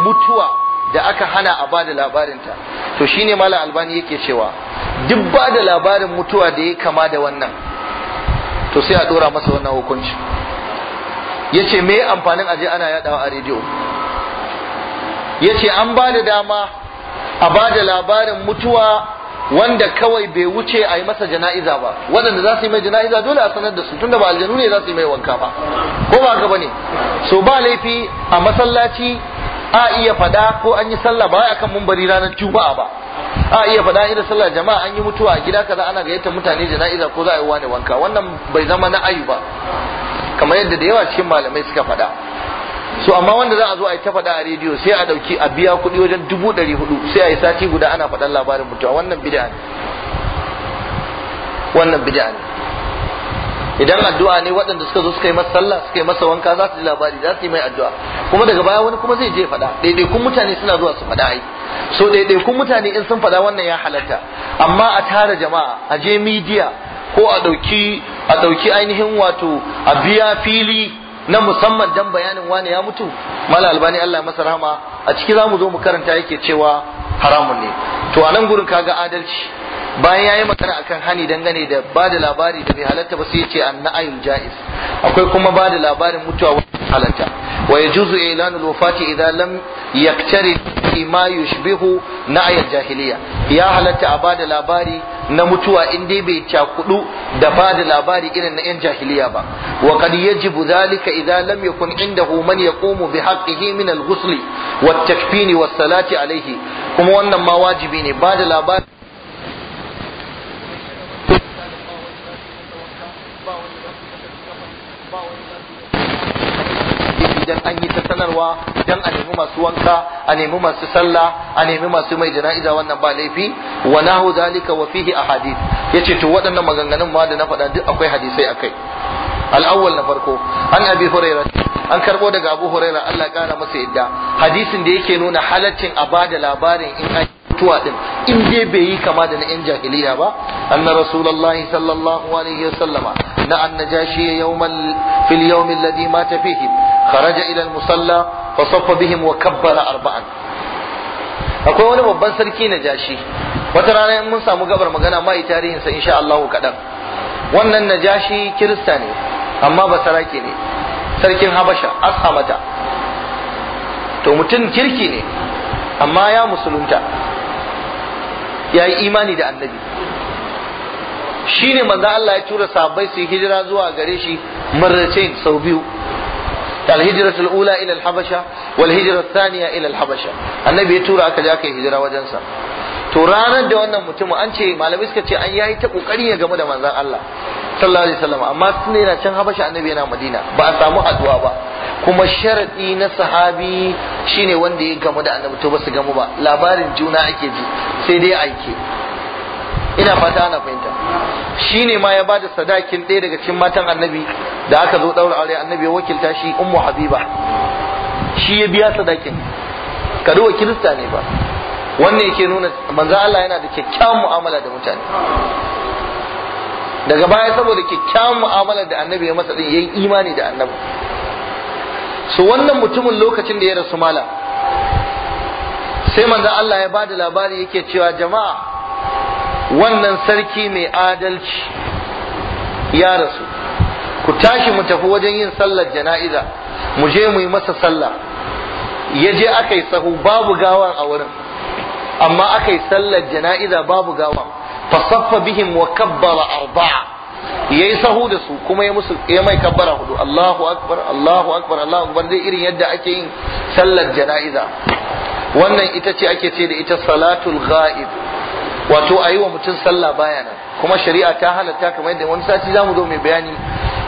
mutuwa da aka hana a bada labarinta to shine mala albani yake cewa duk bada labarin mutuwa da ya kama da wannan to sai a dora masa wannan hukunci yace me amfanin aje ana yadawa a rediyo ya ce an ba da dama a ba da labarin mutuwa wanda kawai bai wuce a yi masa jana'iza ba waɗanda za su yi mai jana'iza dole a sanar da su tunda ba aljanu ne za su yi mai wanka ba ko ba gaba ne so ba laifi a masallaci a iya faɗa ko an yi sallah ba a kan mumbari ranar juma'a ba a iya faɗa irin sallah jama'a an yi mutuwa a gida kaza ana gayyatar mutane jana'iza ko za a yi wani wanka wannan bai zama na ayu ba kamar yadda da yawa cikin malamai suka faɗa so amma wanda za a zo a yi ta faɗa a rediyo sai a ɗauki a biya kuɗi wajen dubu ɗari hudu sai a yi sati guda ana faɗan labarin mutuwa wannan bid'a ne wannan bid'a ne idan addu'a ne waɗanda suka zo suka yi masa sallah suka yi masa wanka za su ji labari za su yi mai addu'a kuma daga baya wani kuma zai je faɗa ɗaiɗaikun mutane suna zuwa su faɗa ai so ɗaiɗaikun mutane in sun faɗa wannan ya halatta amma a tara jama'a a je midiya ko a ɗauki a ɗauki ainihin wato a biya fili na musamman dan bayanin wani ya mutu mala albani Allah masa rahama a ciki zamu zo mu karanta yake cewa haramun ne to a nan gurin kaga adalci bayan yayi magana akan hani dangane da ba da labari da bai halatta ba sai ya ce anna na'ayul jaiz akwai kuma bada labarin mutuwa halatta wa yajuzu ilanu al-wafati idan lam yaktari ma yushbihu jahiliya ya halatta a bada labari na mutuwa in dai bai cakudu da bada labari irin na yan jahiliya ba wa qad yajibu dhalika idan lam yakun indahu man yaqumu bi haqqihi min al-ghusl wa at wa salati kuma wannan ma wajibi ne bada labari idan an yi ta sanarwa dan a nemi masu wanka a nemi masu sallah a nemi masu mai jana'iza wannan ba laifi wa nahu zalika wa fihi ahadith yace to waɗannan maganganun ma da na faɗa duk akwai hadisai akai al-awwal na farko an abi hurairah an karbo daga abu hurairah Allah ya kara masa yadda hadisin da yake nuna halaccin a bada labarin in mutuwa din in dai bai yi kama da na yan jahiliya ba anna rasulullahi sallallahu alaihi wasallama na annajashi yawman fil yawm alladhi mata fihi kharaja ila al-musalla fa saffa bihim wa kabbara arba'an akwai wani babban sarki na jashi wata rana in mun samu gabar magana mai tarihinsa insha Allah kadan wannan najashi kirista ne amma ba saraki ne sarkin habasha ashamata to mutum kirki ne amma ya musulunta ya yi imani da annabi shi ne manzo Allah ya tura sahabbai su yi hijira zuwa gare shi marracin sau biyu al hijratul ula ila al habasha wal hijratu thaniya ila annabi ya tura aka je kayi hijira wajensa to ranar da wannan mutumin an ce malamai suka ce an yayi ta kokari ya gamu da manzon Allah sallallahu alaihi wasallam amma tun yana can Habasha annabi yana Madina ba a samu addu'a ba kuma sharadi na sahabi shine wanda ya gamu da annabi to ba su gamu ba labarin juna ake ji sai dai aike ina fata ana fahimta shine ma ya bada sadakin ɗaya daga cikin matan annabi da aka zo daura aure annabi ya wakilta shi ummu habiba shi ya biya sadakin kado kirista ne ba wannan yake nuna manzo Allah yana da kyakkyawan mu'amala da mutane daga baya saboda kyakkyawan mu'amala da annabi ya masa din yayin imani da annabi so wannan mutumin lokacin da ya rasu mala sai manzo Allah ya bada labari yake cewa jama'a wannan sarki mai adalci ya rasu ku tashi mu tafi wajen yin sallar jana'iza mu je mu yi masa sallah ya je aka yi sahu babu gawan a wurin amma aka yi sallar jana'iza babu gawa fasaffa bihim wa kabbara arba'a yayi sahu da su kuma ya musu ya mai kabbara hudu Allahu akbar Allahu akbar Allahu akbar dai irin yadda ake yin sallar jana'iza wannan ita ce ake ce da ita salatul ghaib wato ayi wa mutum sallah baya nan kuma shari'a ta halatta kamar yadda wani sati zamu zo mai bayani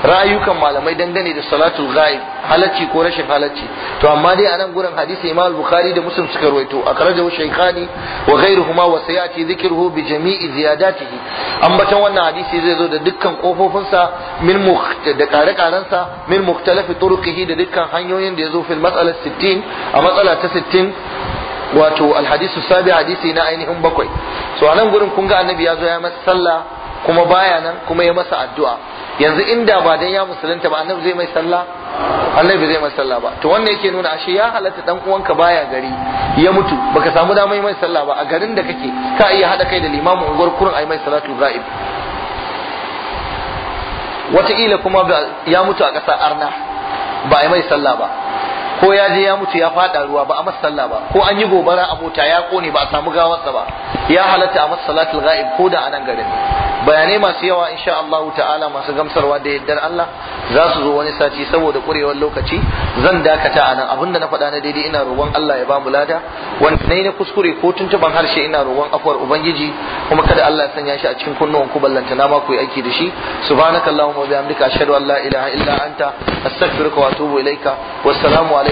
ra'ayukan malamai dangane da salatul ghaib halacci ko rashin halacci to amma dai a nan gurin hadisi imam bukhari da muslim suka rawaito akhrajahu shaykhani wa ghayruhuma wa sayati dhikruhu bi jami'i ziyadatihi ambatan wannan hadisi zai zo da dukkan kofofinsa min min da kare karen min mukhtalafi turqihi da dukkan hanyoyin da ya zo fil mas'alah 60 a matsala ta 60 wato alhadisu sabi hadisi na ainihin bakwai so nan gurin kun ga annabi ya zo ya masa sallah kuma baya nan kuma ya masa addu'a yanzu inda ba dan ya musulunta ba annabi zai mai sallah annabi zai mai sallah ba to wannan yake nuna ashe ya halatta dan uwanka baya gari ya mutu baka samu damar mai sallah ba a garin da kake ka iya hada kai da limamin unguwar kurin ayi mai salatu ghaib wataƙila kuma ya mutu a ƙasa arna ba a yi mai sallah ba ko ya je ya mutu ya fada ruwa ba a masa ba ko an yi gobara a mota ya kone ba a samu gawarsa ba ya halatta a masa salatul ghaib ko da a nan garin bayanai masu yawa insha Allah ta'ala masu gamsarwa da yaddar Allah za su zo wani sati saboda kurewar lokaci zan dakata anan nan abinda na faɗa na daidai ina roƙon Allah ya ba mu lada wani ne na kuskure ko tuntuban harshe ina roƙon afuwar ubangiji kuma kada Allah ya sanya shi a cikin kunnuwan ku ballanta na ma ku yi aiki da shi subhanakallahumma wa bihamdika ashhadu an la ilaha illa anta astaghfiruka wa atubu ilaika wassalamu alaikum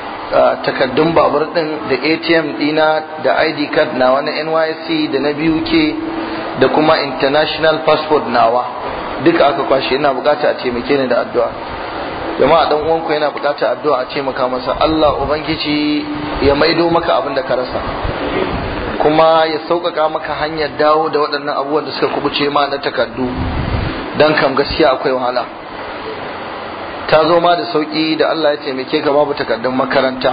takaddun babur din da atm dina da id card nawa na NYC da na buk da kuma international passport nawa duka aka kwashe ina bukata a taimake ni da addu'a jama'a dan uwanku yana bukata addu'a a taimaka masa Allah ubangiji ya maido maka abin da ka rasa kuma ya sauƙaƙa maka hanyar dawo da waɗannan abubuwan da suka kubuce ma na takardu dan kam gaskiya akwai wahala ta zo ma da sauki da Allah ya taimake ka babu takardun makaranta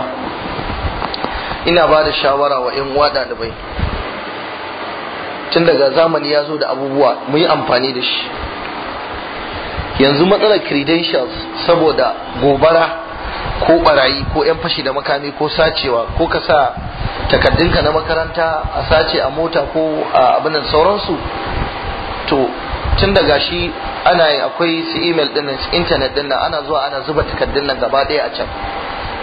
ina ba da shawara wa 'yan uwa ɗalibai tun daga zamani ya zo da abubuwa mu yi amfani da shi yanzu matsalar credentials saboda gobara ko barayi ko 'yan fashi da makami ko sacewa ko ka sa takardunka na makaranta a sace a mota ko a abin sauransu to tun daga shi ana yi akwai su email din internet din nan ana zuwa ana zuba takardun nan gaba ɗaya a can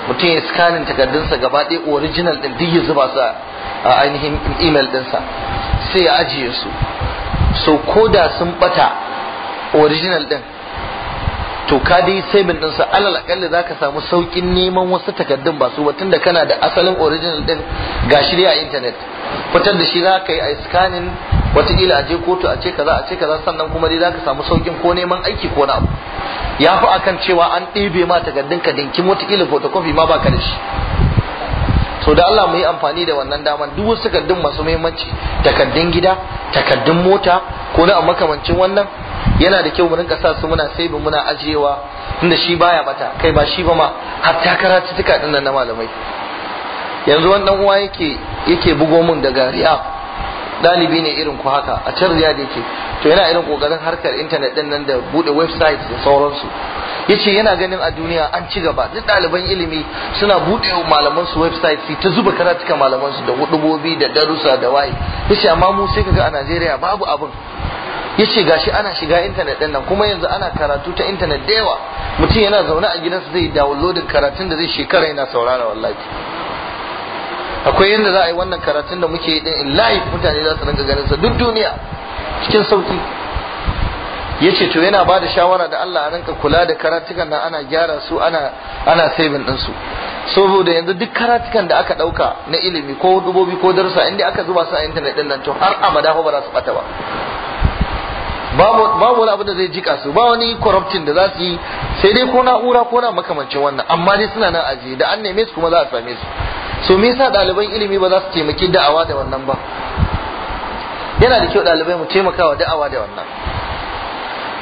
mutum ya scanning takardunsa gaba ɗaya original din duk ya zuba su a ainihin email sa sai ya ajiye su so ko da sun bata original din to ka dai saving din sa alal akalli zaka samu saukin neman wasu takaddun ba su ba tunda kana da asalin original din ga shirya a intanet. fitar da shi zaka yi a scanning watakila a je kotu a ce kaza a ce kaza sannan kuma dai zaka samu saukin ko neman aiki ko na abu ya fi akan cewa an ɗebe ma takaddun ka dinkin watakila photocopy ma baka da shi so da Allah mu yi amfani da wannan daman duk wasu takardun masu muhimmanci takardun gida takaddun mota ko na makamancin wannan yana da kyau mu rinka sa su muna sai muna ajiyewa tunda shi baya bata kai ba shi ba ma har ta karatu tuka dinnan na malamai yanzu wannan uwa yake yake bugo mun daga Riyadh Dalibi ne irin ku haka a can riya da yake to yana irin kokarin harkar intanet din nan da bude website da sauransu yace yana ganin a duniya an ci gaba duk ɗaliban ilimi suna bude malaman su website su ta zuba karatuka malaman su da hudubobi da darussa da waye yace amma mu sai kaga a Najeriya babu abin yace gashi ana shiga intanet din nan kuma yanzu ana karatu ta intanet da yawa mutum yana zaune a gidansa zai downloading karatun da zai shekara yana saurara wallahi akwai yadda za a yi wannan karatun da muke yi in layi mutane za su rinka ganin sa duk duniya cikin sauki ya ce to yana ba da shawara da Allah a ranka kula da karatukan nan ana gyara su ana ana saving din su saboda yanzu duk karatukan da aka ɗauka na ilimi ko hudubobi ko darussa inda aka zuba su a internet din nan to har abada ba za su bata ba babu wani abu da zai jika su ba wani corruption da za su yi sai dai ko na'ura ko na makamancin wannan amma dai suna nan ajiye da an neme su kuma za a same su so me yasa ɗaliban ilimi ba za su taimaki da'awa da wannan ba yana da kyau ɗalibai mu taimakawa da'awa da wannan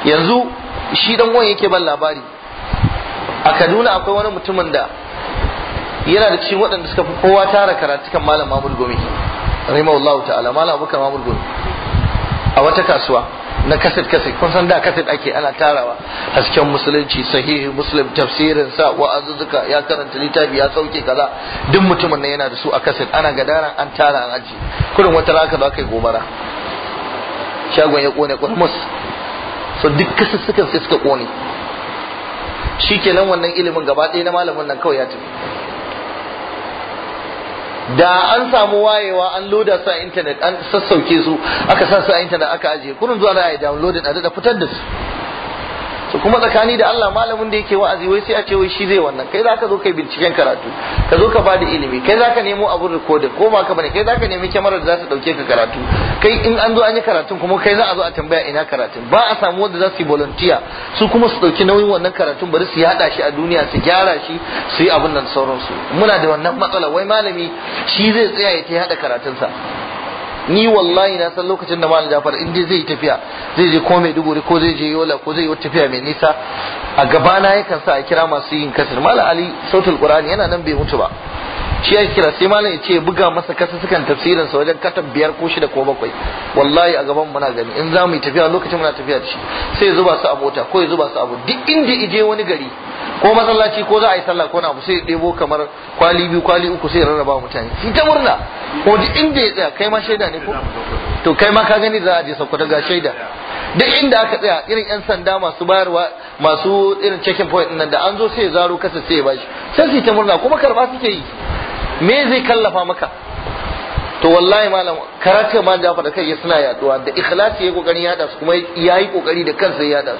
yanzu shi dan wani yake ban labari a kaduna akwai wani mutumin da yana da cikin waɗanda suka fi kowa tara karatukan malam mamur gomi rahimahullahu ta'ala malam abubakar mamur gomi a wata kasuwa na kasid kaset kun san da kasid ake ana tarawa hasken musulunci sahihi muslim tafsirin sa azuzuka ya karanta littafi ya sauke kaza duk mutumin nan yana da su a kasid ana gadaran an tara an aji kurin wata raka za ka yi gobara shagon ya kone kurmus so duk kasussukan sai suka kone shi wannan ilimin gaba ɗaya na malamin nan kawai ya tafi da an samu wayewa an loda su a intanet an sassauke su aka sa su a intanet aka ajiye kurin zuwa da a downloading a da fitar da su to kuma tsakani da Allah malamin da yake wa'azi wai sai a ce wai shi zai wannan kai zaka zo kai binciken karatu ka zo ka bada ilimi kai zaka nemo abun recorder ko ba ka bane kai zaka nemi kyamarar da za ta dauke ka karatu kai in an zo an yi karatun kuma kai za a zo a tambaya ina karatun ba a samu wanda za su yi volunteer su kuma su dauki nauyin wannan karatu bari su yada shi a duniya su gyara shi su yi abun nan sauransu muna da wannan matsala wai malami shi zai tsaya ya ta yada karatunsa ni wallahi na san lokacin da malam Jafar in zai yi tafiya zai je ko mai duguri ko zai je Yola ko zai yi tafiya mai nisa a gabana yakan sa a kira masu yin kasir malam Ali sautul Qur'ani yana nan bai mutu ba shi ya kira sai malam ya ce buga masa kasa sukan tafsirin sa wajen katab biyar ko shida ko bakwai wallahi a gaban muna gani in za mu yi tafiya lokacin muna tafiya da shi sai zuba su a mota ko ya zuba su abu duk inda ije wani gari ko masallaci ko za a yi sallah ko na abu sai ya ɗebo kamar kwali biyu kwali uku sai ya rarraba mutane shi ta murna ko duk inda ya tsaya kai ma shaida ne ko to kai ma ka gani za a je sokoto ga shaida duk inda aka tsaya irin yan sanda masu bayarwa masu irin checking point nan da an zo sai ya zaro kasa sai ya bashi sai su ta murna kuma karba suke yi me zai kallafa maka to wallahi malam karatu ma da kai suna yaduwa da ikhlasi ya kokarin su kuma yayi kokari da kansa ya yada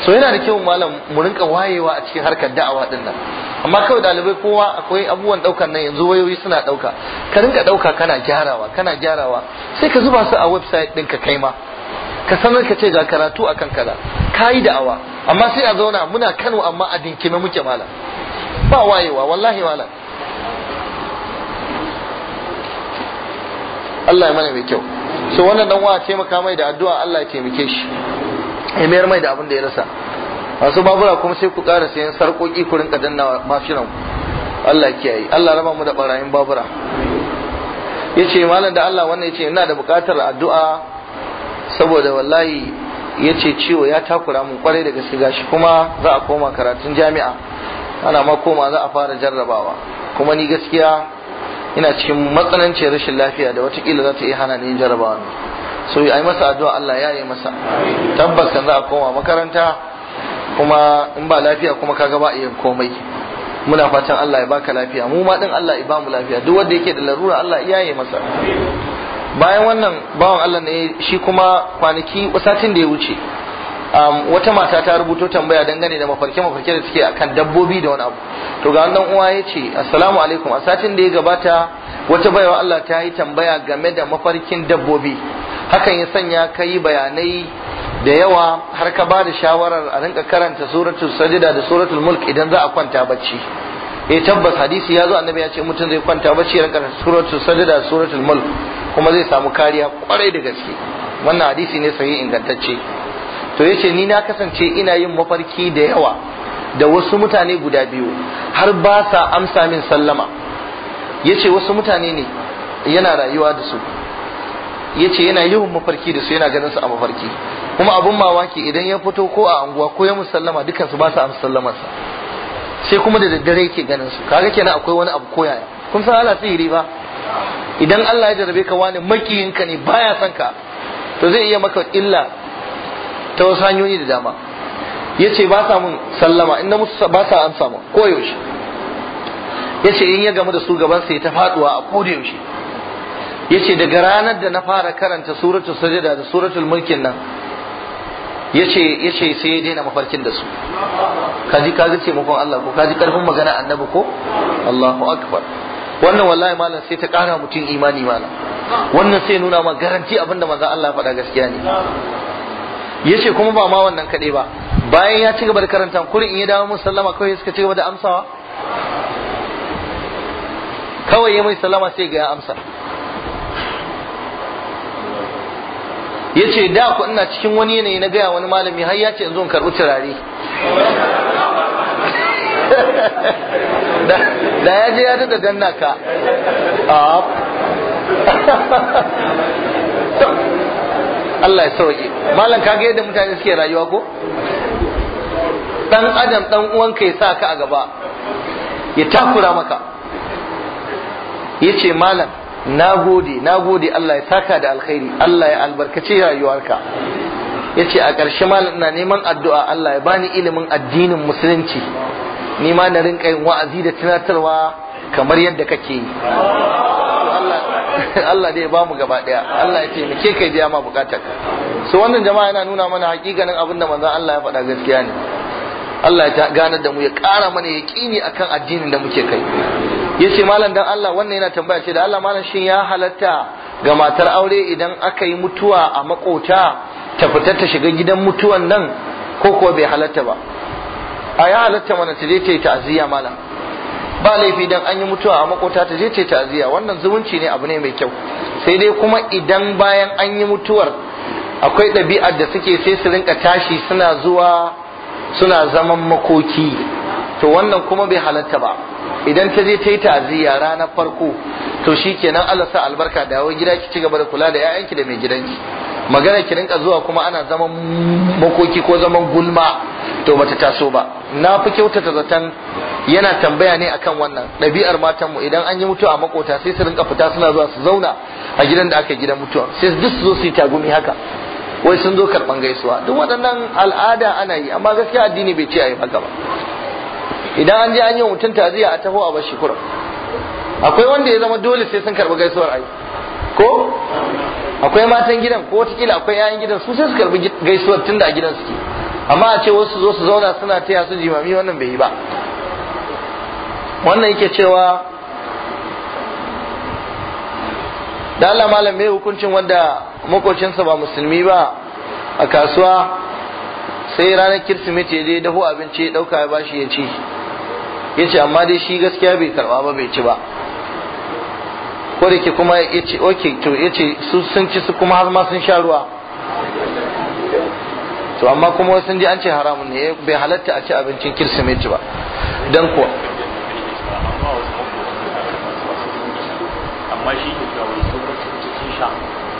su so yana da kyau malam mu rinka wayewa a cikin harkar da'awa din nan amma kawai dalibai kowa akwai abubuwan daukar nan yanzu wayoyi suna dauka ka rinka dauka kana gyarawa kana gyarawa sai ka zuba su a website ka kai ma ka sanar ka ce ga karatu akan kaza kayi da'awa amma sai a zauna muna Kano amma a dinkime muke malam ba wayewa wallahi malam Allah ya mana mai kyau so wannan dan wa taimaka mai da addu'a Allah ya taimake shi ya mayar mai da abin da ya rasa masu babura kuma sai ku kara sayan sarƙoƙi ku rinka danna mashinan Allah kiyaye Allah raba mu da barayin babura yace malam da Allah wannan yace ina da buƙatar addu'a saboda wallahi yace ciwo ya takura mun kwarai da gaske gashi kuma za a koma karatun jami'a ana ma koma za a fara jarrabawa kuma ni gaskiya ina cikin matsananciyar rashin lafiya da watakila za ta iya hana ni jarabawa ne so yi masa addu'a Allah ya yi masa tabbas kan za a koma makaranta kuma in ba lafiya kuma kaga ba iya komai muna fatan Allah ya baka lafiya mu ma din Allah ya ba mu lafiya duk wanda yake da larura Allah ya yi masa bayan wannan bawan Allah ne shi kuma kwanaki satin da ya wuce Um, wata mata ta rubuto tambaya dangane da mafarke mafarke da suke akan dabbobi da wani abu to ga dan uwa ya ce assalamu alaikum a satin da ya gabata wata baiwa Allah ta yi tambaya game da mafarkin dabbobi hakan ya sanya ka yi bayanai da yawa har ka ba da shawarar a rinka karanta suratul sajida da suratul mulk idan za a kwanta bacci eh tabbas hadisi ya zo annabi ya ce mutum zai kwanta bacci rinka suratul sajida da suratul mulk kuma zai samu kariya kwarai da gaske wannan hadisi ne sahihi ingantacce to ya ce ni na kasance ina yin mafarki da yawa da wasu mutane guda biyu har ba sa amsa min sallama Ya ce wasu mutane ne yana rayuwa da su Ya ce yana yawan mafarki da su yana ganin su a mafarki kuma abun mawaki idan ya fito ko a anguwa ko ya musallama dukkan su ba sa amsa sallamarsa sai kuma da daddare yake ganin su kaga kenan akwai wani abu koya kun san Allah sihiri ba idan Allah ya jarabe ka wani makiyinka ne baya son ka to zai iya maka illa ta wasu hanyoyi da dama ya ce ba sa mun sallama inda musu ba sa amsa mun ko yaushe ya ce in ya gamu da su gaban sai ta faduwa a ko da yaushe ya ce daga ranar da na fara karanta suratul sajada da suratul mulkin nan ya ce ya ce sai ya daina mafarkin da su kaji kaji taimakon Allah ko kaji karfin magana annabi ko Allahu akbar wannan wallahi malam sai ta kara mutum imani malam wannan sai nuna ma garanti abinda manzo Allah faɗa gaskiya ne yace kuma ba ma wannan kaɗai ba bayan ya ci gaba da karanta kurin in ya dawo musu sallama kawai suka ci gaba da amsawa kawai ya mai sallama sai ga ya amsa yace da ku ina cikin wani yanayi na gaya wani malami har ya ce in zo karɓi turare da ya je ya da ganna ka Allah ya sauke malam kaga yadda mutane suke rayuwa ko dan adam dan uwanka ya sa ka a gaba ya takura maka yace malam na gode na gode Allah ya saka da alkhairi Allah ya albarkace rayuwarka yace a ƙarshe malam ina neman addu'a Allah ya bani ilimin addinin musulunci ni ma na rinƙa yin wa'azi da tunatarwa kamar yadda kake yi Allah dai ba bamu gaba daya Allah ya ke kai biya ma bukatar so wannan jama'a yana nuna mana hakikanin abin da manzon Allah ya faɗa gaskiya ne Allah ya ganar da mu ya ƙara mana yaqini akan addinin da muke kai yace malam dan Allah wannan yana tambaya ce da Allah malam shin ya halatta ga matar aure idan aka yi mutuwa a makota ta fita ta shiga gidan mutuwan nan ko kuwa bai halatta ba a ya halatta mana ta je ta yi ta'aziyya malam ba laifi dan an yi mutuwa a makota ta je ce ta'aziya wannan zumunci ne abu ne mai kyau sai dai kuma idan bayan an yi mutuwar akwai ɗabi'ar da suke sai su rinka tashi suna zuwa suna zaman makoki to wannan kuma bai halatta ba idan ta je ta yi ta'aziyya ranar farko to shi shikenan Allah sa albarka dawo gida ki ci gaba da kula da 'ya'yanki da mai gidanki magana ki rinka zuwa kuma ana zaman makoki ko zaman gulma to bata taso ba na fi kyautata zaton yana tambaya ne akan wannan ɗabi'ar matan mu idan an yi mutuwa a makota sai su rinka fita suna zuwa su zauna a gidan da aka gida mutuwa sai duk su zo su yi tagumi haka wai sun zo karban gaisuwa duk waɗannan al'ada ana yi amma gaskiya addini bai ce a yi haka ba idan an je an yi wa mutum taziya a taho a bashi kurum akwai wanda ya zama dole sai sun karɓi gaisuwar ai ko akwai matan gidan ko watakila akwai yayan gidan su sai su karbi gaisuwar tunda a gidan suke amma a ce wasu zo su zauna suna taya su jimami wannan bai yi ba wannan yake cewa da Allah malam mai hukuncin wanda makocinsa ba musulmi ba a kasuwa sai ranar kirsimeti ya je daho abinci ya dauka ya bashi ya ci ya ce amma dai shi gaskiya bai karba ba bai ci ba ko da ke kuma ya ce oke to ya ce sun ci su kuma har ma sun sha ruwa to amma kuma wasu sun ji an ce haramun ne eh, bai halatta a ci abincin kirsimeti ba don kuwa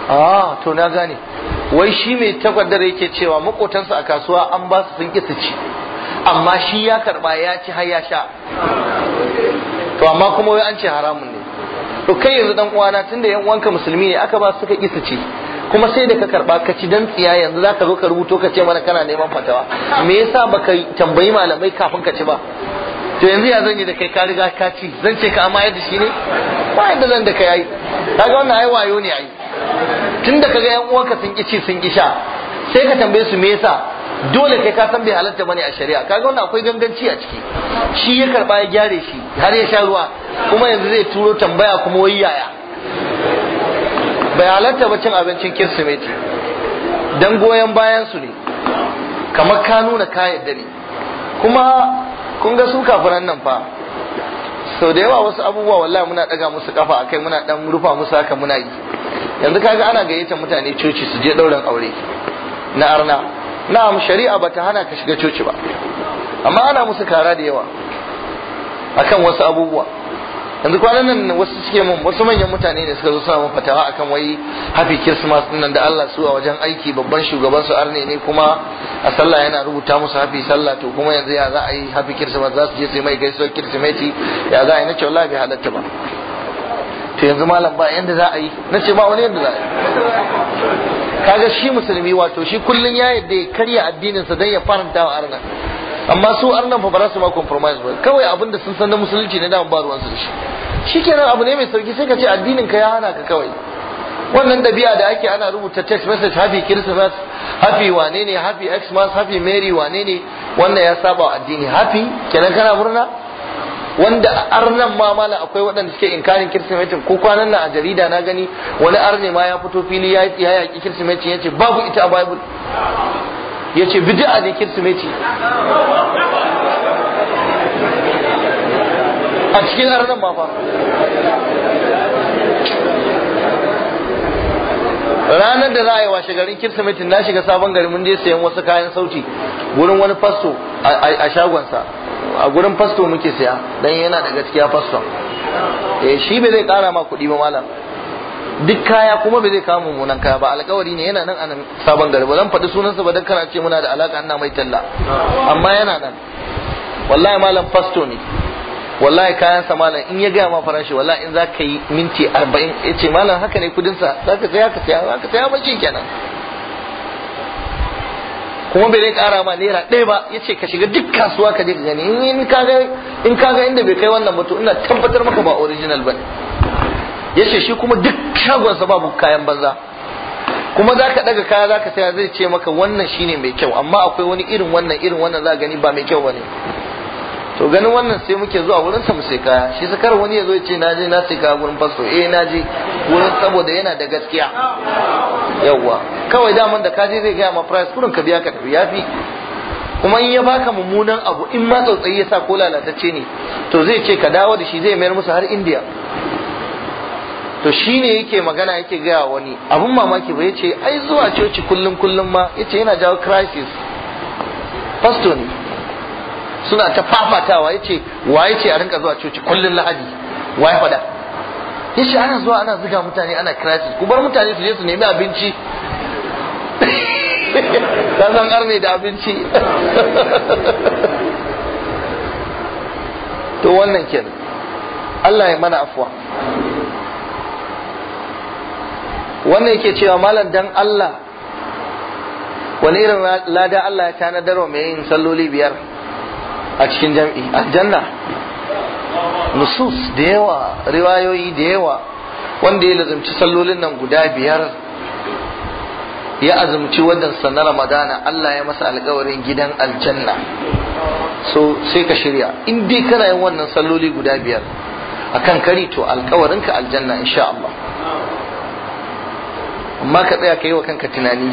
ah to na gane wai shi mai takwaddar yake cewa makotansa a kasuwa an ba su sun ki ci amma shi ya karba ya ci har ya sha to amma kuma wai an ce haramun ne to kai yanzu dan uwana tunda yan uwanka musulmi ne aka ba suka kisa ce kuma sai da ka karba ka ci dan tsiya yanzu zaka zo ka rubuto ka ce mana kana neman fatawa me yasa baka tambayi malamai kafin ka ci ba to yanzu ya zan yi da kai ka riga ka ci zan ce ka amma yadda shi ne ba yadda zan da kai ai kaga wannan ai wayo ne ai tunda kaga yan uwanka sun ki ci sun ki sha sai ka tambaye su me yasa dole kai ka san bai halatta bane a shari'a kaga wannan akwai ganganci a ciki shi ya karba ya gyare shi har ya sha ruwa kuma yanzu zai turo tambaya kuma wai yaya bai halatta ba cin abincin kirsimeti dan goyon bayan su ne kamar ka nuna ka yadda ne kuma kun ga su kafiran nan fa sau da yawa wasu abubuwa wallahi muna daga musu kafa akai muna dan rufa musu haka muna yi yanzu kaga ana gayyatar mutane coci su je ɗaurin aure na arna na'am shari'a bata hana ka shiga coci ba amma ana musu kara da yawa akan wasu abubuwa yanzu kwanan nan wasu suke mun wasu manyan mutane ne suka zo suna mun fatawa akan wai happy christmas din nan da Allah su a wajen aiki babban shugaban su arne ne kuma a sallah yana rubuta musu happy sallah to kuma yanzu ya za a yi happy christmas za su je su mai gaisuwar kirsimeti ya za a yi na ce wallahi bai halatta ba to yanzu malam ba yanda za a yi na ce ba wani yanda za a yi kaga shi musulmi wato shi kullun ya yadda ya karya addininsa dan ya faranta wa arna amma su arnan fa ba za su ma compromise ba kawai abin da sun san na musulunci ne da ba ruwan su shi shikenan abu ne mai sauki sai ka ce addinin ka ya hana ka kawai wannan dabi'a da ake ana rubuta text message happy christmas hafi wane ne happy xmas happy mary wane ne wannan ya saba addini happy kenan kana murna wanda arnan ma mala akwai waɗanda suke inkarin kirsimetin ko kwanan nan a jarida na gani wani arne ma ya fito fili ya yaƙi kirsimetin ya ce babu ita a bible ya ce bid'a ne kirsimeti a cikin arnan ma fa ranar da za a yi washe garin kirsimetin na shiga sabon gari mun je sayan wasu kayan sauti wurin wani fasto a shagonsa a gurin fasto muke siya dan yana da gaskiya fasto eh shi bai zai kara ma kuɗi ba malam duk kaya kuma bai zai kawo mummunan kaya ba alƙawari ne yana nan a nan sabon gari ba zan faɗi sunansa ba dan kana ce muna da alaka ina mai talla amma yana nan wallahi malam fasto ne wallahi kayan sa malam in ya gaya ma farashi wallahi in zaka yi minti 40 yace malam haka ne kudin sa zaka saya ka saya ka saya ba kenan kuma bai kara ma naira ɗaya ba ya ce ka shiga duk kasuwa ka je ka gani in ka ga inda bai kai wannan mutu ina tabbatar maka ba original ba ya ce shi kuma duk shagonsa babu kayan banza kuma za ka ɗaga kaya za ka saya zai ce maka wannan shine mai kyau amma akwai wani irin wannan irin wannan za gani ba mai kyau ba ne to ganin wannan sai muke zuwa wurin sa mu sai kaya shi sakar wani ya zo ya ce na je na sai kaya gurin fasto eh na je wurin saboda yana da gaskiya yawwa kawai daman da kaje zai gaya ma price kurin ka biya ka tafi fi kuma in ya baka mummunan abu in ma tsautsayi ya sa ko lalatacce ne to zai ce ka dawo da shi zai mayar musu har indiya to shine yake magana yake gaya wani abun mamaki ba yace ai zuwa coci kullum kullum ma yace yana jawo crisis pasto ne suna ta fafatawa yace wa yace a rinka zuwa coci kullum lahadi wa ya fada yace ana zuwa ana zuga mutane ana crisis ku bar mutane su je su nemi abinci da san arne da abinci to wannan kenan Allah ya mana afuwa wannan yake cewa malam dan Allah wani irin lada Allah ya tanadar wa mai yin salloli biyar a cikin jam'i aljanna nusus da yawa riwayoyi da yawa wanda ya lazumci sallolin nan guda biyar ya azumci waɗansa na ramadana Allah ya masa alkawarin gidan aljanna so sai ka shirya in dai kana yin wannan salloli guda biyar a kan kari to alkawarin ka aljanna insha Allah amma ka tsaya ka yi wa kanka tunani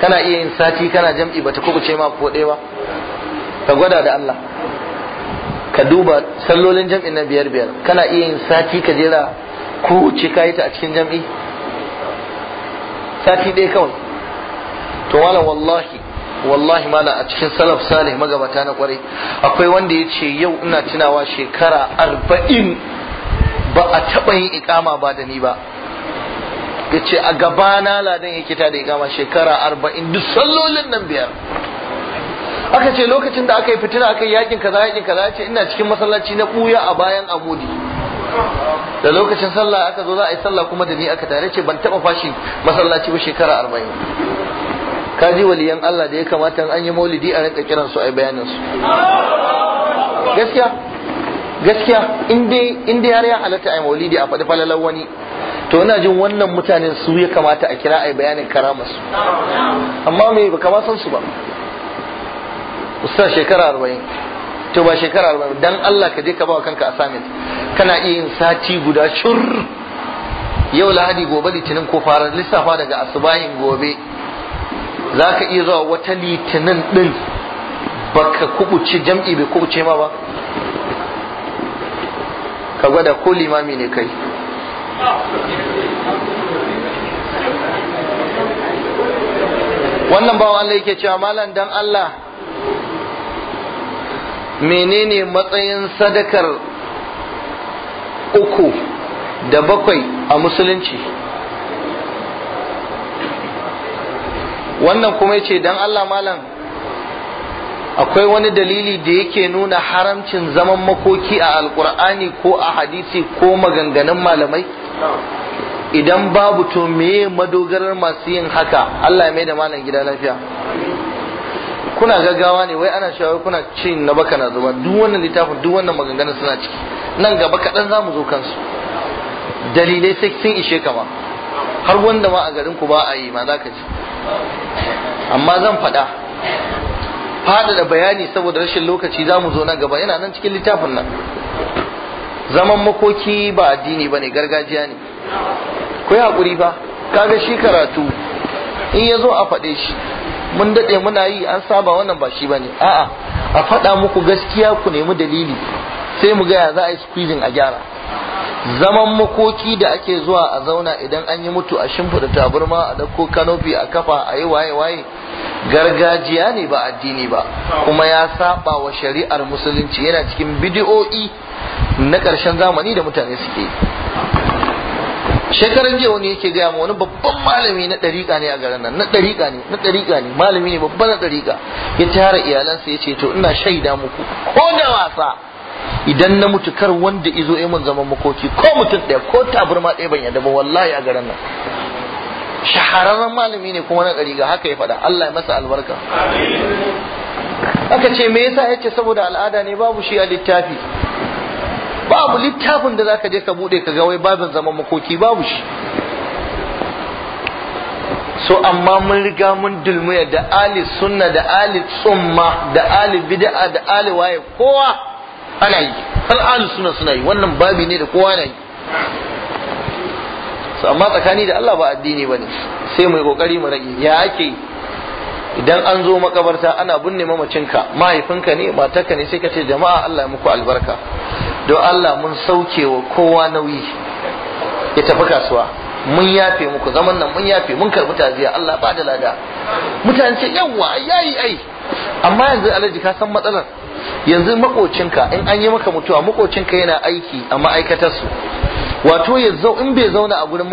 kana iya yin sati kana jam'i ba bata kubuce ma ko ɗaya ba ka gwada da Allah ka duba sallolin jam'i na biyar biyar kana iya yin sati ka jera ko ce ka yi ta a cikin jam'i sati ɗaya kawai to wala wallahi wallahi mala a cikin salaf salih magabata na kwarai akwai wanda ya ce yau ina tunawa shekara arba'in ba a taɓa yin ikama ba da ni ba ya ce a gabana ladan ya kita da ikama shekara arba'in duk sallolin nan biyar aka ce lokacin da aka yi fitina aka yi yakin kaza yakin kaza ce ina cikin masallaci na buya a bayan amudi da lokacin sallah aka zo za a yi sallah kuma da ni aka tare ce ban taba fashi masallaci ba shekara arba'in kaji waliyan Allah da ya kamata an yi maulidi a rinka kiran su a bayanin su gaskiya gaskiya in dai har ya halatta a maulidi a faɗi falalar wani to ina jin wannan mutanen su ya kamata a kira a bayanin su amma me ba kama san su ba usta shekara arba'in to ba shekara arba'in dan Allah ka je ka bawa kanka assignment kana iya yin sati guda shur yau lahadi gobe litinin ko fara lissafa daga asubahin gobe za ka iya zuwa wata litinin din baka kubuce jam'i bai kubuce ma ba ka gwada ko limami ne kai wannan bawa Allah yake cewa malam dan Allah menene matsayin sadakar uku da bakwai a musulunci wannan kuma ce don Allah malam akwai wani dalili da yake nuna haramcin zaman makoki a alkur'ani ko a hadisi ko maganganun malamai idan babu to meye madogarar masu yin haka Allah ya mai da malam gida lafiya kuna gaggawa ne wai ana cewa kuna cin na baka na zuba duk wannan littafin duk wannan maganganun suna ciki nan gaba kaɗan za mu zo kansu dalilai sai sun ishe kama har wanda ma a garin ku ba a yi ma za ka ji amma zan faɗa faɗaɗa bayani saboda rashin lokaci za mu zo nan gaba yana nan cikin littafin nan zaman makoki ba addini ba gargajiya ne ku yi haƙuri ba kaga shi karatu in ya zo a faɗe shi mun daɗe muna yi an saba wannan ba shi ba ne a'a a faɗa muku gaskiya ku nemi dalili sai mu gaya za a yi squeezing a gyara zaman makoki da ake zuwa a zauna idan an yi mutu a shimfiɗa taburma a ɗauko kanofi a kafa a yi waye waye gargajiya ne ba addini ba kuma ya saba wa shari'ar musulunci yana cikin bidiyo'i na ƙarshen zamani da mutane suke shekaran jiya wani yake gaya ma wani babban malami na ɗariƙa ne a garin nan na ɗariƙa ne na ɗariƙa ne malami ne babban na ɗariƙa ya tara iyalansa ya ce to ina shaida muku ko da wasa idan na mutu kar wanda izo ya mun zaman makoki ko mutum ɗaya ko tabarma ɗaya ban yadda ba wallahi a garin nan shahararren malami ne kuma na ɗariƙa haka ya faɗa Allah ya masa albarka aka ce me yasa yace saboda al'ada ne babu shi a littafi babu littafin da zaka je ka bude ka ga wai babin zaman makoki babu shi so amma mun riga mun dulmuya da ali sunna da ali tsumma da ali bid'a da ali waye kowa ana yi Har ali sunna suna yi wannan babi ne da kowa na yi so amma tsakani da Allah ba addini bane sai mu yi kokari mu rage ya ake idan an zo makabarta ana binne mamacinka mahaifinka ne matarka ne sai ka ce jama'a Allah ya muku albarka don Allah mun sauke wa kowa nauyi ya tafi kasuwa mun yafe muku zaman nan mun yafe mun karbi taziya Allah ba da lada mutane ce yawa yayi ai amma yanzu alaji ka san matsalar yanzu makocinka in an yi maka mutuwa makocinka yana aiki a ma'aikatar su wato ya in bai zauna a gurin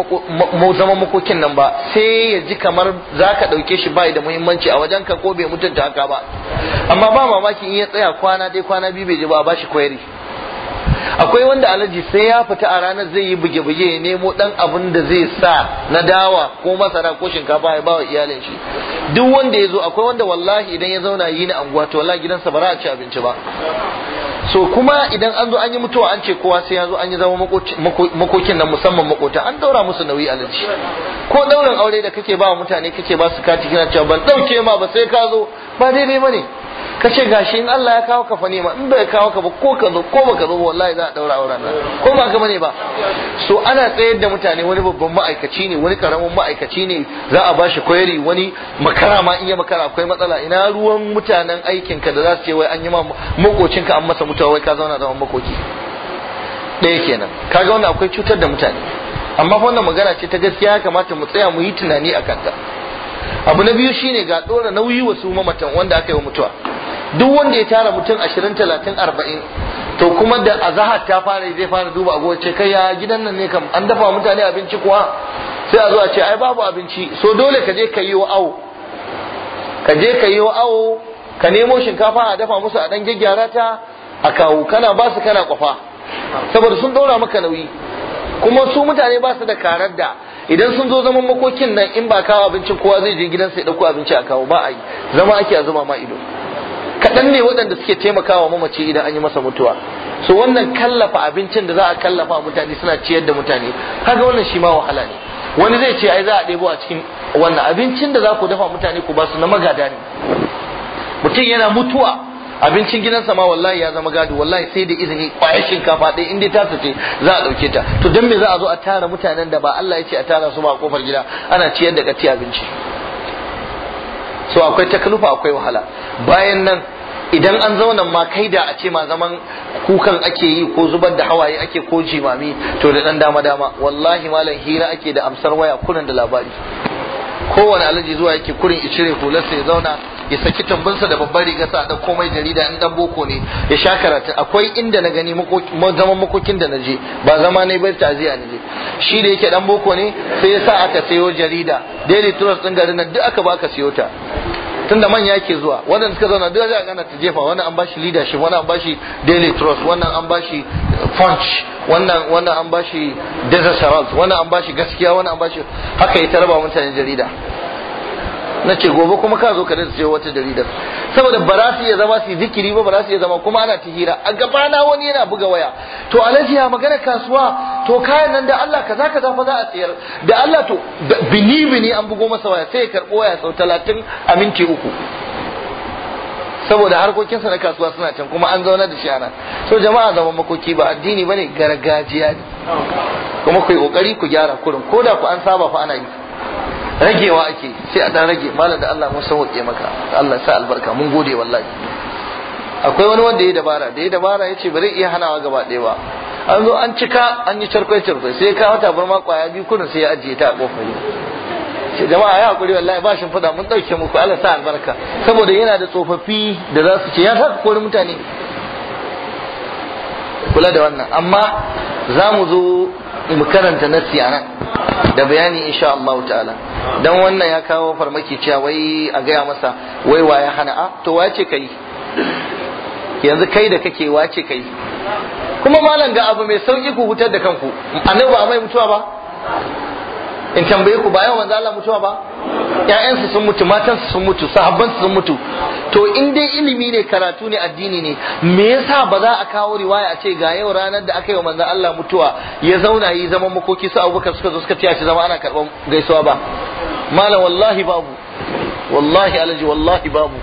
zaman makokin nan ba sai ya ji kamar za ka ɗauke shi bai da muhimmanci a wajen ka ko bai mutunta haka ba amma ba mamaki in ya tsaya kwana dai kwana biyu bai ji ba ba shi kwayari akwai wanda alaji sai ya fita a ranar zai yi buge-buge ya nemo dan abin da zai sa na dawa ko masara ko shinkafa ya bawa iyalin shi duk wanda ya zo akwai wanda wallahi idan ya zauna yi na anguwa to wallahi gidansa ba za a ci abinci ba so kuma idan an zo an yi mutuwa an ce kowa sai ya zo an yi zama makokin nan musamman makota an daura musu nauyi alaji ko daurin aure da kake ba mutane kake ba su kati kina cewa ban dauke ma ba sai ka zo ba daidai bane ka ce gashi in Allah ya kawo ka fa nema in bai kawo ka ba ko ka zo ko baka zo wallahi za a daura auren nan ko ba ka bane ba so ana tsayar da mutane wani babban ma'aikaci ne wani karamin ma'aikaci ne za a bashi koyari wani makara ma in ya makara akwai matsala ina ruwan mutanen aikin ka da za su ce wai an yi ma makocinka an masa mutuwa wai ka zauna zaman makoki ɗaya kenan kaga wannan akwai cutar da mutane amma wannan magana ce ta gaskiya ya kamata mu tsaya mu yi tunani a kanta abu na biyu shine ga dora nauyi wa su mamatan wanda aka yi mutuwa duk wanda ya tara mutum ashirin talatin arba'in to kuma da azahar ta fara zai fara duba agogo ce kai ya gidan nan ne kam an dafa mutane abinci kuwa sai a zo a ce ai babu abinci so dole ka je ka yi wa awo ka je ka yi wa ka nemo shinkafa a dafa musu a dan gyaggyara ta a kawo kana ba su kana kwafa saboda sun ɗora maka nauyi kuma su mutane ba su da karar da idan sun zo zaman makokin nan in ba kawo abincin kowa zai je gidansa ya dauko abinci a kawo ba a yi zama ake a zuba ma ido kaɗan ne waɗanda suke taimakawa mamaci idan an yi masa mutuwa so wannan kallafa abincin da za a kallafa mutane suna ciyar da mutane kaga wannan shi ma wahala ne wani zai ce ai za a ɗebo a cikin wannan abincin da za ku dafa mutane ku ba su na magada ne mutum yana mutuwa abincin gidan sama wallahi ya zama gado wallahi sai da izini kwayar shinkafa ɗaya in dai ta sace za a ɗauke ta to dan me za a zo a tara mutanen da ba Allah ya ce a tara su ba a kofar gida ana ciyar da kati abinci so akwai takalufa akwai wahala bayan nan idan an zauna ma kai da a ce ma zaman kukan ake yi ko zubar da hawaye ake ko jimami to da dan dama dama wallahi malam hira ake da amsar waya kurin da labari kowane alaji zuwa yake kurin icire hularsa ya zauna ya saki tambunsa da babbar riga a da komai jarida in dan boko ne ya sha karatu akwai inda na gani zaman makokin da na je ba zama ne bai taziya na je shi da yake dan boko ne sai ya sa aka sayo jarida daily trust din garin nan duk aka ba aka sayo ta tunda manya ke zuwa wannan suka zauna duk za a gana ta jefa wannan an bashi leadership wannan an bashi daily trust wannan an bashi punch wannan wannan an bashi desert wannan an bashi gaskiya wannan an bashi haka ya tarba mutanen jarida na ce gobe kuma ka zo ka da sayo wata jaridar saboda ba ya zama su zikiri ba ba ya zama kuma ana tihira a gabana wani yana buga waya to alaji ya magana kasuwa to kayan nan da Allah kaza kaza fa za a tsayar da Allah to bini bini an bugo masa waya sai ya karbo waya sau talatin a minti uku saboda harkokinsa na kasuwa suna can kuma an zauna da shi ana so jama'a zama makoki ba addini ba ne gargajiya ne kuma ku yi kokari ku gyara kurin ko da ku an saba fa ana yi ragewa ake sai a dan rage malam da Allah mun sauke maka Allah sa albarka mun gode wallahi akwai wani wanda ya dabara da ya dabara yace bari ba zai iya hanawa gaba ɗaya ba an zo an cika an yi charkwai charkwai sai ka wata burma kwaya biyu kurin sai ya ajiye ta a kofar ce jama'a ya hakuri wallahi ba shin fada mun dauke muku Allah sa albarka saboda yana da tsofaffi da za su ce ya sa kori mutane kula da wannan amma za mu zo mu karanta nasi a nan da bayani insha Allah ta'ala dan wannan ya kawo farmaki cewa wai a gaya masa wai wa ya hana a ah, to wace kai yanzu kai da kake wace kai kuma malam ga abu mai sauki ku hutar da kanku annabi ba mai mutuwa ba in tambaye ku ba yawan manzo Allah mutuwa ba ƴaƴansu sun mutu matansu sun mutu sahabbansu sun mutu to in dai ilimi ne karatu ne addini ne me yasa ba za a kawo riwaya a ce ga yau ranar da aka yi wa manzo Allah mutuwa ya zauna yi zaman makoki su Abubakar suka zo suka ce a zama ana karban gaisuwa ba malam wallahi babu wallahi alaji wallahi babu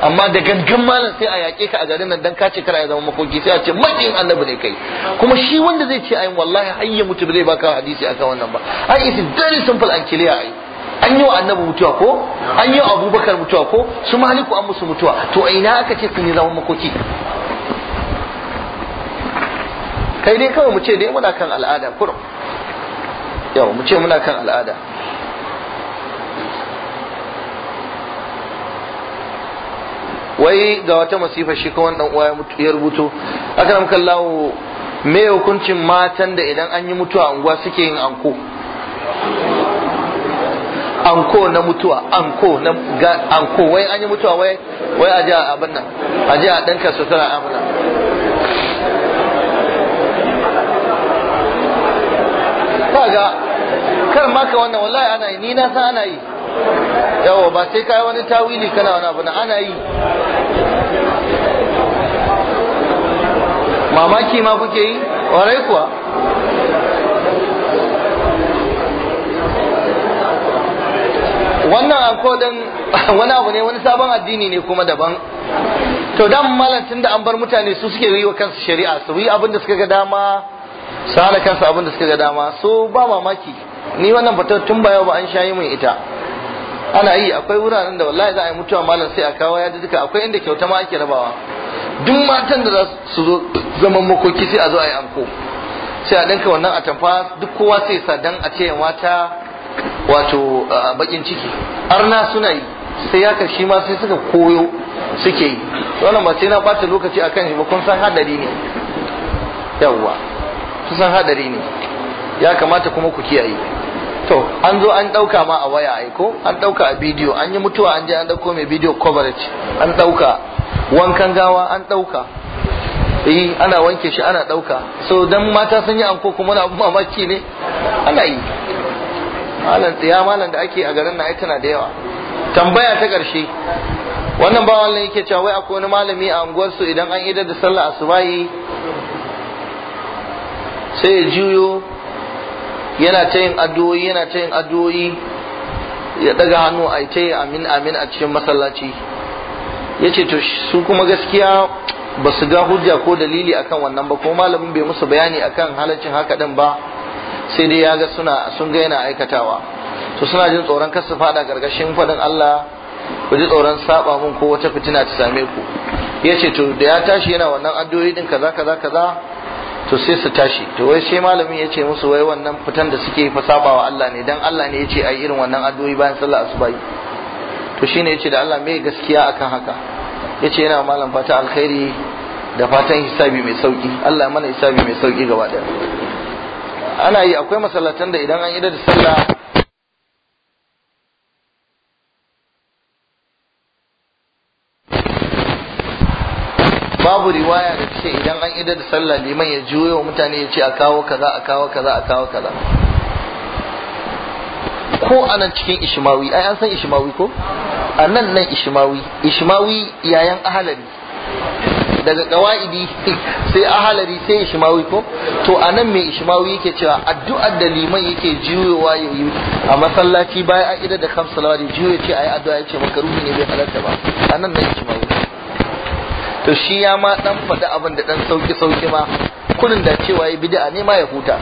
amma da gangan malam sai a yaƙe ka a garin nan dan ka ce kana ya zama makoki sai a ce maƙin annabi ne kai kuma shi wanda zai ce ayin wallahi hayya ya mutu bai baka hadisi akan wannan ba ai it is very simple and clear ai an yi wa annabi mutuwa ko an yi wa abubakar mutuwa ko su maliku an musu mutuwa to ina aka ce su ne zama makoki kai dai kawai mu ce dai muna kan al'ada kurum yau mu ce muna kan al'ada wai ga wata masifa shi kuma dan uwa ya rubuto aka nan lawo me hukuncin matan da idan an yi mutuwa unguwa suke yin anko anko na mutuwa anko na anko wai an yi mutuwa wai wai a ji a abin nan a ji a abin sutura amina kaga kar maka wannan wallahi ana yi ni na san ana yi yawa ba sai kai wani tawili kana wani abu na ana yi mamaki ma kuke yi warai kuwa wannan anko din wani abu ne wani sabon addini ne kuma daban to dan malantin da an bar mutane su suke yi wa kansu shari'a su yi abin da suka ga dama su hana kansu abin da suka ga dama so ba mamaki ni wannan fatar tun ba yau ba an shayi mai ita ana yi akwai wuraren da wallahi za a yi mutuwa malam sai a kawo ya duka akwai inda kyauta ma ake rabawa duk matan da za su zo zaman makoki sai a zo a yi anko sai a danka wannan atamfa duk kowa sai sa dan a ce mata wato bakin ciki arna suna yi sai ya kashi ma sai suka koyo suke yi wannan ba sai na bata lokaci akan shi ba kun san hadari ne yawwa kun san hadari ne ya kamata kuma ku kiyaye to an zo an ɗauka ma a waya ai ko an ɗauka a bidiyo an yi mutuwa an je an ɗauko mai bidiyo coverage an ɗauka wankan gawa an ɗauka eh ana wanke shi ana ɗauka so dan mata sun yi anko kuma na mamaki ne ana yi malam tsiya malam da ake a garin na tana da yawa tambaya ta karshe wannan bawan nan yake cewa wai akwai wani malami a su idan an idar da sallah yi sai ya juyo yana ta yin addu'o'i yana ta yin addu'o'i ya daga hannu a ta yi amin amin a cikin masallaci ya ce to su kuma gaskiya ba su ga hujja ko dalili akan wannan ba ko malamin bai musu bayani akan halaccin haka din ba sai dai ya ga suna sun ga yana aikatawa to suna jin tsoron kar su fada gargashin fadin Allah ku ji tsoron saba mun ko wata fitina ta same ku ya ce to da ya tashi yana wannan addu'o'i din kaza kaza kaza to sai su tashi to wai sai malamin ya ce musu wai wannan fitan da suke fa Allah ne dan Allah ne ya ce ai irin wannan addu'o'i bayan sallah asuba to shine ya ce da Allah me gaskiya akan haka ya ce yana malam fata alkhairi da fatan hisabi mai sauki Allah mana hisabi mai sauki gaba daya ana yi akwai masallatan da idan an yi da sallah babu riwaya da ce idan an idar da sallah liman ya juyo mutane ya ce a kawo kaza a kawo kaza a kawo kaza ko anan cikin ishimawi ai an san ishimawi ko a nan nan ishimawi ishimawi yayan ahalari daga gawaidi sai ahalari sai ishimawi ko to a nan mai ishimawi yake cewa addu'ar da liman yake juyowa ya yi a masallaci bayan an idar da kamsalawa da juyo ya ce yi addu'a ya ce makaruhi ne bai halarta ba a nan nan ishimawi to shi ya ma dan faɗi abin da dan sauki sauki ma kunin da cewa ya bid'a ne ma ya huta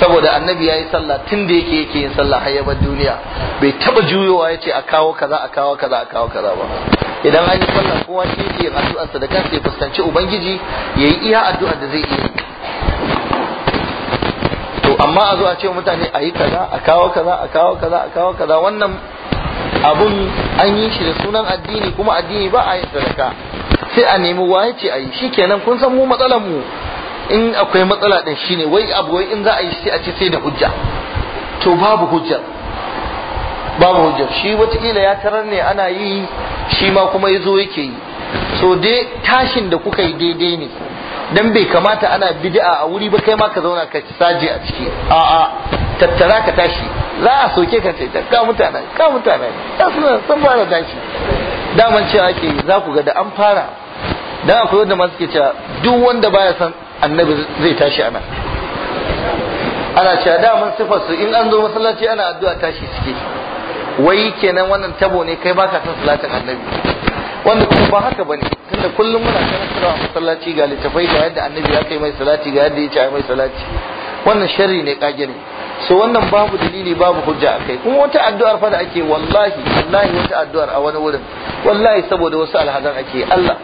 saboda annabi ya yi sallah tun da yake yake yin sallah har yabar duniya bai taba juyowa ya ce a kawo kaza a kawo kaza a kawo kaza ba idan an yi sallah kowa shi yake yin sa da kansa ya fuskanci ubangiji ya iya addu'ar da zai iya to amma a zo a ce mutane a yi kaza a kawo kaza a kawo kaza a kawo kaza wannan abun an yi shi da sunan addini kuma addini ba a yi sadaka sai a nemi waye ce a yi shikenan kun san mu matsalar mu in akwai matsala din shine wai abu wai in za a yi sai a ce sai da hujja to babu hujja babu hujja shi watakila ya tarar ne ana yi shi ma kuma ya zo yake yi so dai tashin da kuka yi daidai ne dan bai kamata ana bid'a a wuri ba kai ma ka zauna ka saji a ciki a a tattara ka tashi za a soke ka sai ka mutane ka mutane sun fara tashi mun cewa ake za ku ga da an fara dan akwai wanda ma suke cewa duk wanda baya san annabi zai tashi ana ana cewa da mun sifar su in an zo masallaci ana addu'a tashi suke wai kenan wannan tabo ne kai baka san salatin annabi wanda kuma ba haka bane tunda kullum muna karantarwa a masallaci ga litafai da yadda annabi ya kai mai salati ga yadda ya ce mai salati wannan sharri ne kage ne so wannan babu dalili babu hujja a kai kuma wata addu'ar fa da ake wallahi wallahi wata addu'ar a wani wurin wallahi saboda wasu alhadan ake Allah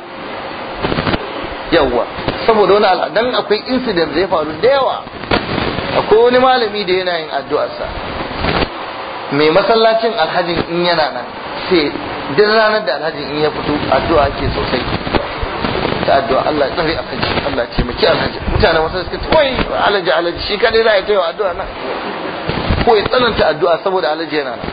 yawa saboda wani alhadan akwai incident da ya faru da yawa akwai wani malami da yana yin addu'arsa mai masallacin alhajin in yana nan sai duk ranar da alhaji in ya fito addu'a ke sosai ta addu'a Allah tsare alhaji Allah ya taimaki alhaji mutanen wasu suka ce wai alhaji alhaji shi kadai za ya ta addu'a na ko ya tsananta addu'a saboda alhaji yana nan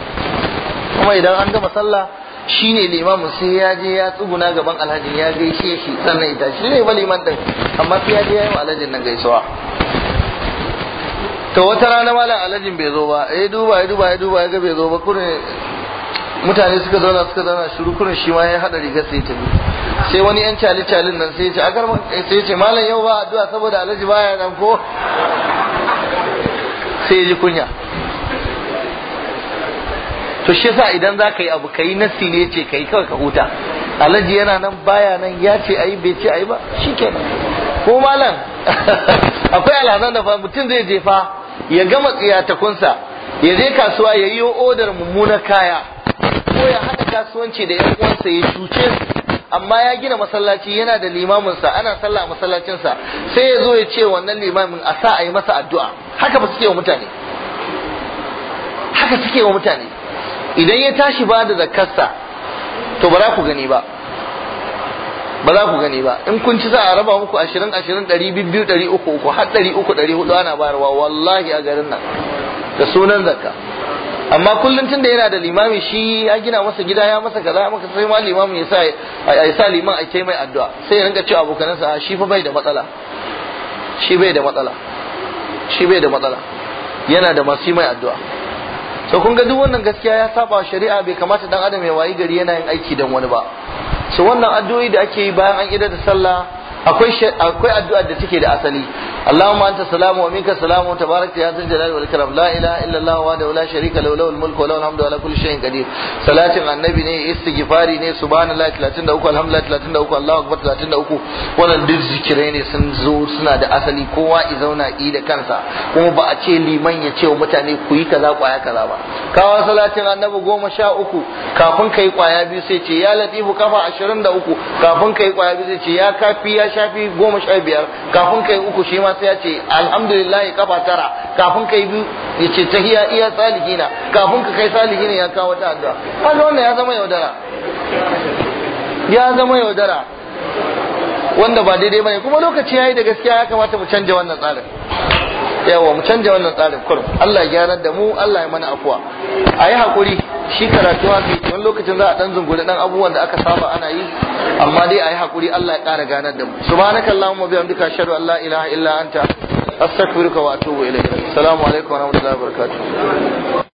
kuma idan an gama sallah shi ne limamin sai ya je ya tsuguna gaban alhaji ya gaishe shi sannan ita shi ne liman din amma sai ya je ya yi alhajin nan gaisuwa to wata rana malam alhajin bai zo ba ya duba ya duba ya duba ya ga bai zo ba kurin mutane suka zauna suka zauna shiru kurin shi ma ya hada riga sai ta bi sai wani yan cali calin nan sai ya ce a garman eh, sai ya ce malam yau ba addu'a saboda alhaji baya nan ko sai ya ji kunya to shi yasa idan za ka yi abu kai nassi ne ce kai kawai ka huta alhaji yana nan baya nan ya ce ayi bai ce ayi ba shikenan ko malam akwai alhazan da fa mutum zai je fa ya gama tsiyatakunsa ya je kasuwa ya yi odar mummunar kaya ko ya haɗa kasuwanci da yan uwansa ya cuce su amma ya gina masallaci yana da limaminsa ana sallah a masallacinsa sai ya zo ya ce wannan limamin a sa a yi masa addu'a haka ba suke wa mutane haka suke wa mutane idan ya tashi ba da zakarsa to ba za ku gani ba ba za ku gani ba in kun ci za a raba muku ashirin ashirin ɗari biyu ɗari uku uku har ɗari uku ɗari hudu ana bayarwa wallahi a garin nan da sunan zakka amma kullum tunda yana da limami shi ya gina masa gida ya masa kaza ya sai ma limamin ya sa ya sa liman ai mai addu'a sai ya rinka cewa abokanansa shi fa bai da matsala shi bai da matsala shi bai da matsala yana da masu mai addu'a to kun ga wannan gaskiya ya saba shari'a bai kamata dan adam ya wayi gari yana yin aiki dan wani ba so wannan addu'o'i da ake yi bayan an idar da sallah akwai akwai addu'a da take da asali Allahumma anta salamu wa minka salamu tabarakta ya zal jalali wal karam la ilaha illa Allah wa la sharika lahu lahul mulku wa lahul hamdu ala kulli shay'in qadir salatin annabi ne istighfari ne subhanallahi 33 alhamdulillah 33 Allahu akbar 33 wannan duk zikirai ne sun zo suna da asali kowa i zauna i da kansa kuma ba a ce liman ya ce wa mutane ku yi kaza kwaya kaza ba kawo salatin annabi goma sha uku kafin kai kwaya biyu sai ce ya latifu kafa 23 kafin kai kwaya biyu sai ce ya kafi ya shafi goma sha biyar kafin kai uku shi ma sai ya ce alhamdulillah kafa tara kafin kai biyu ya ce hiya iya salihina kafin ka kai salihina ya kawo ta addu'a kaga wannan ya zama yaudara ya zama yaudara wanda ba daidai bane kuma lokaci yayi da gaskiya ya kamata mu canja wannan tsarin yawa mu canja wannan tsarin kurum Allah ya gyara da mu Allah ya mana afuwa a yi hakuri shi karatu haka yake wani lokacin za a dan zunguri dan abubuwan da aka saba ana yi amma dai a yi hakuri Allah ya ƙara ganar da mu subhanakallahumma bihamdika ashhadu an la ilaha illa anta astaghfiruka wa atubu ilayk assalamu alaikum wa rahmatullahi wa barakatuh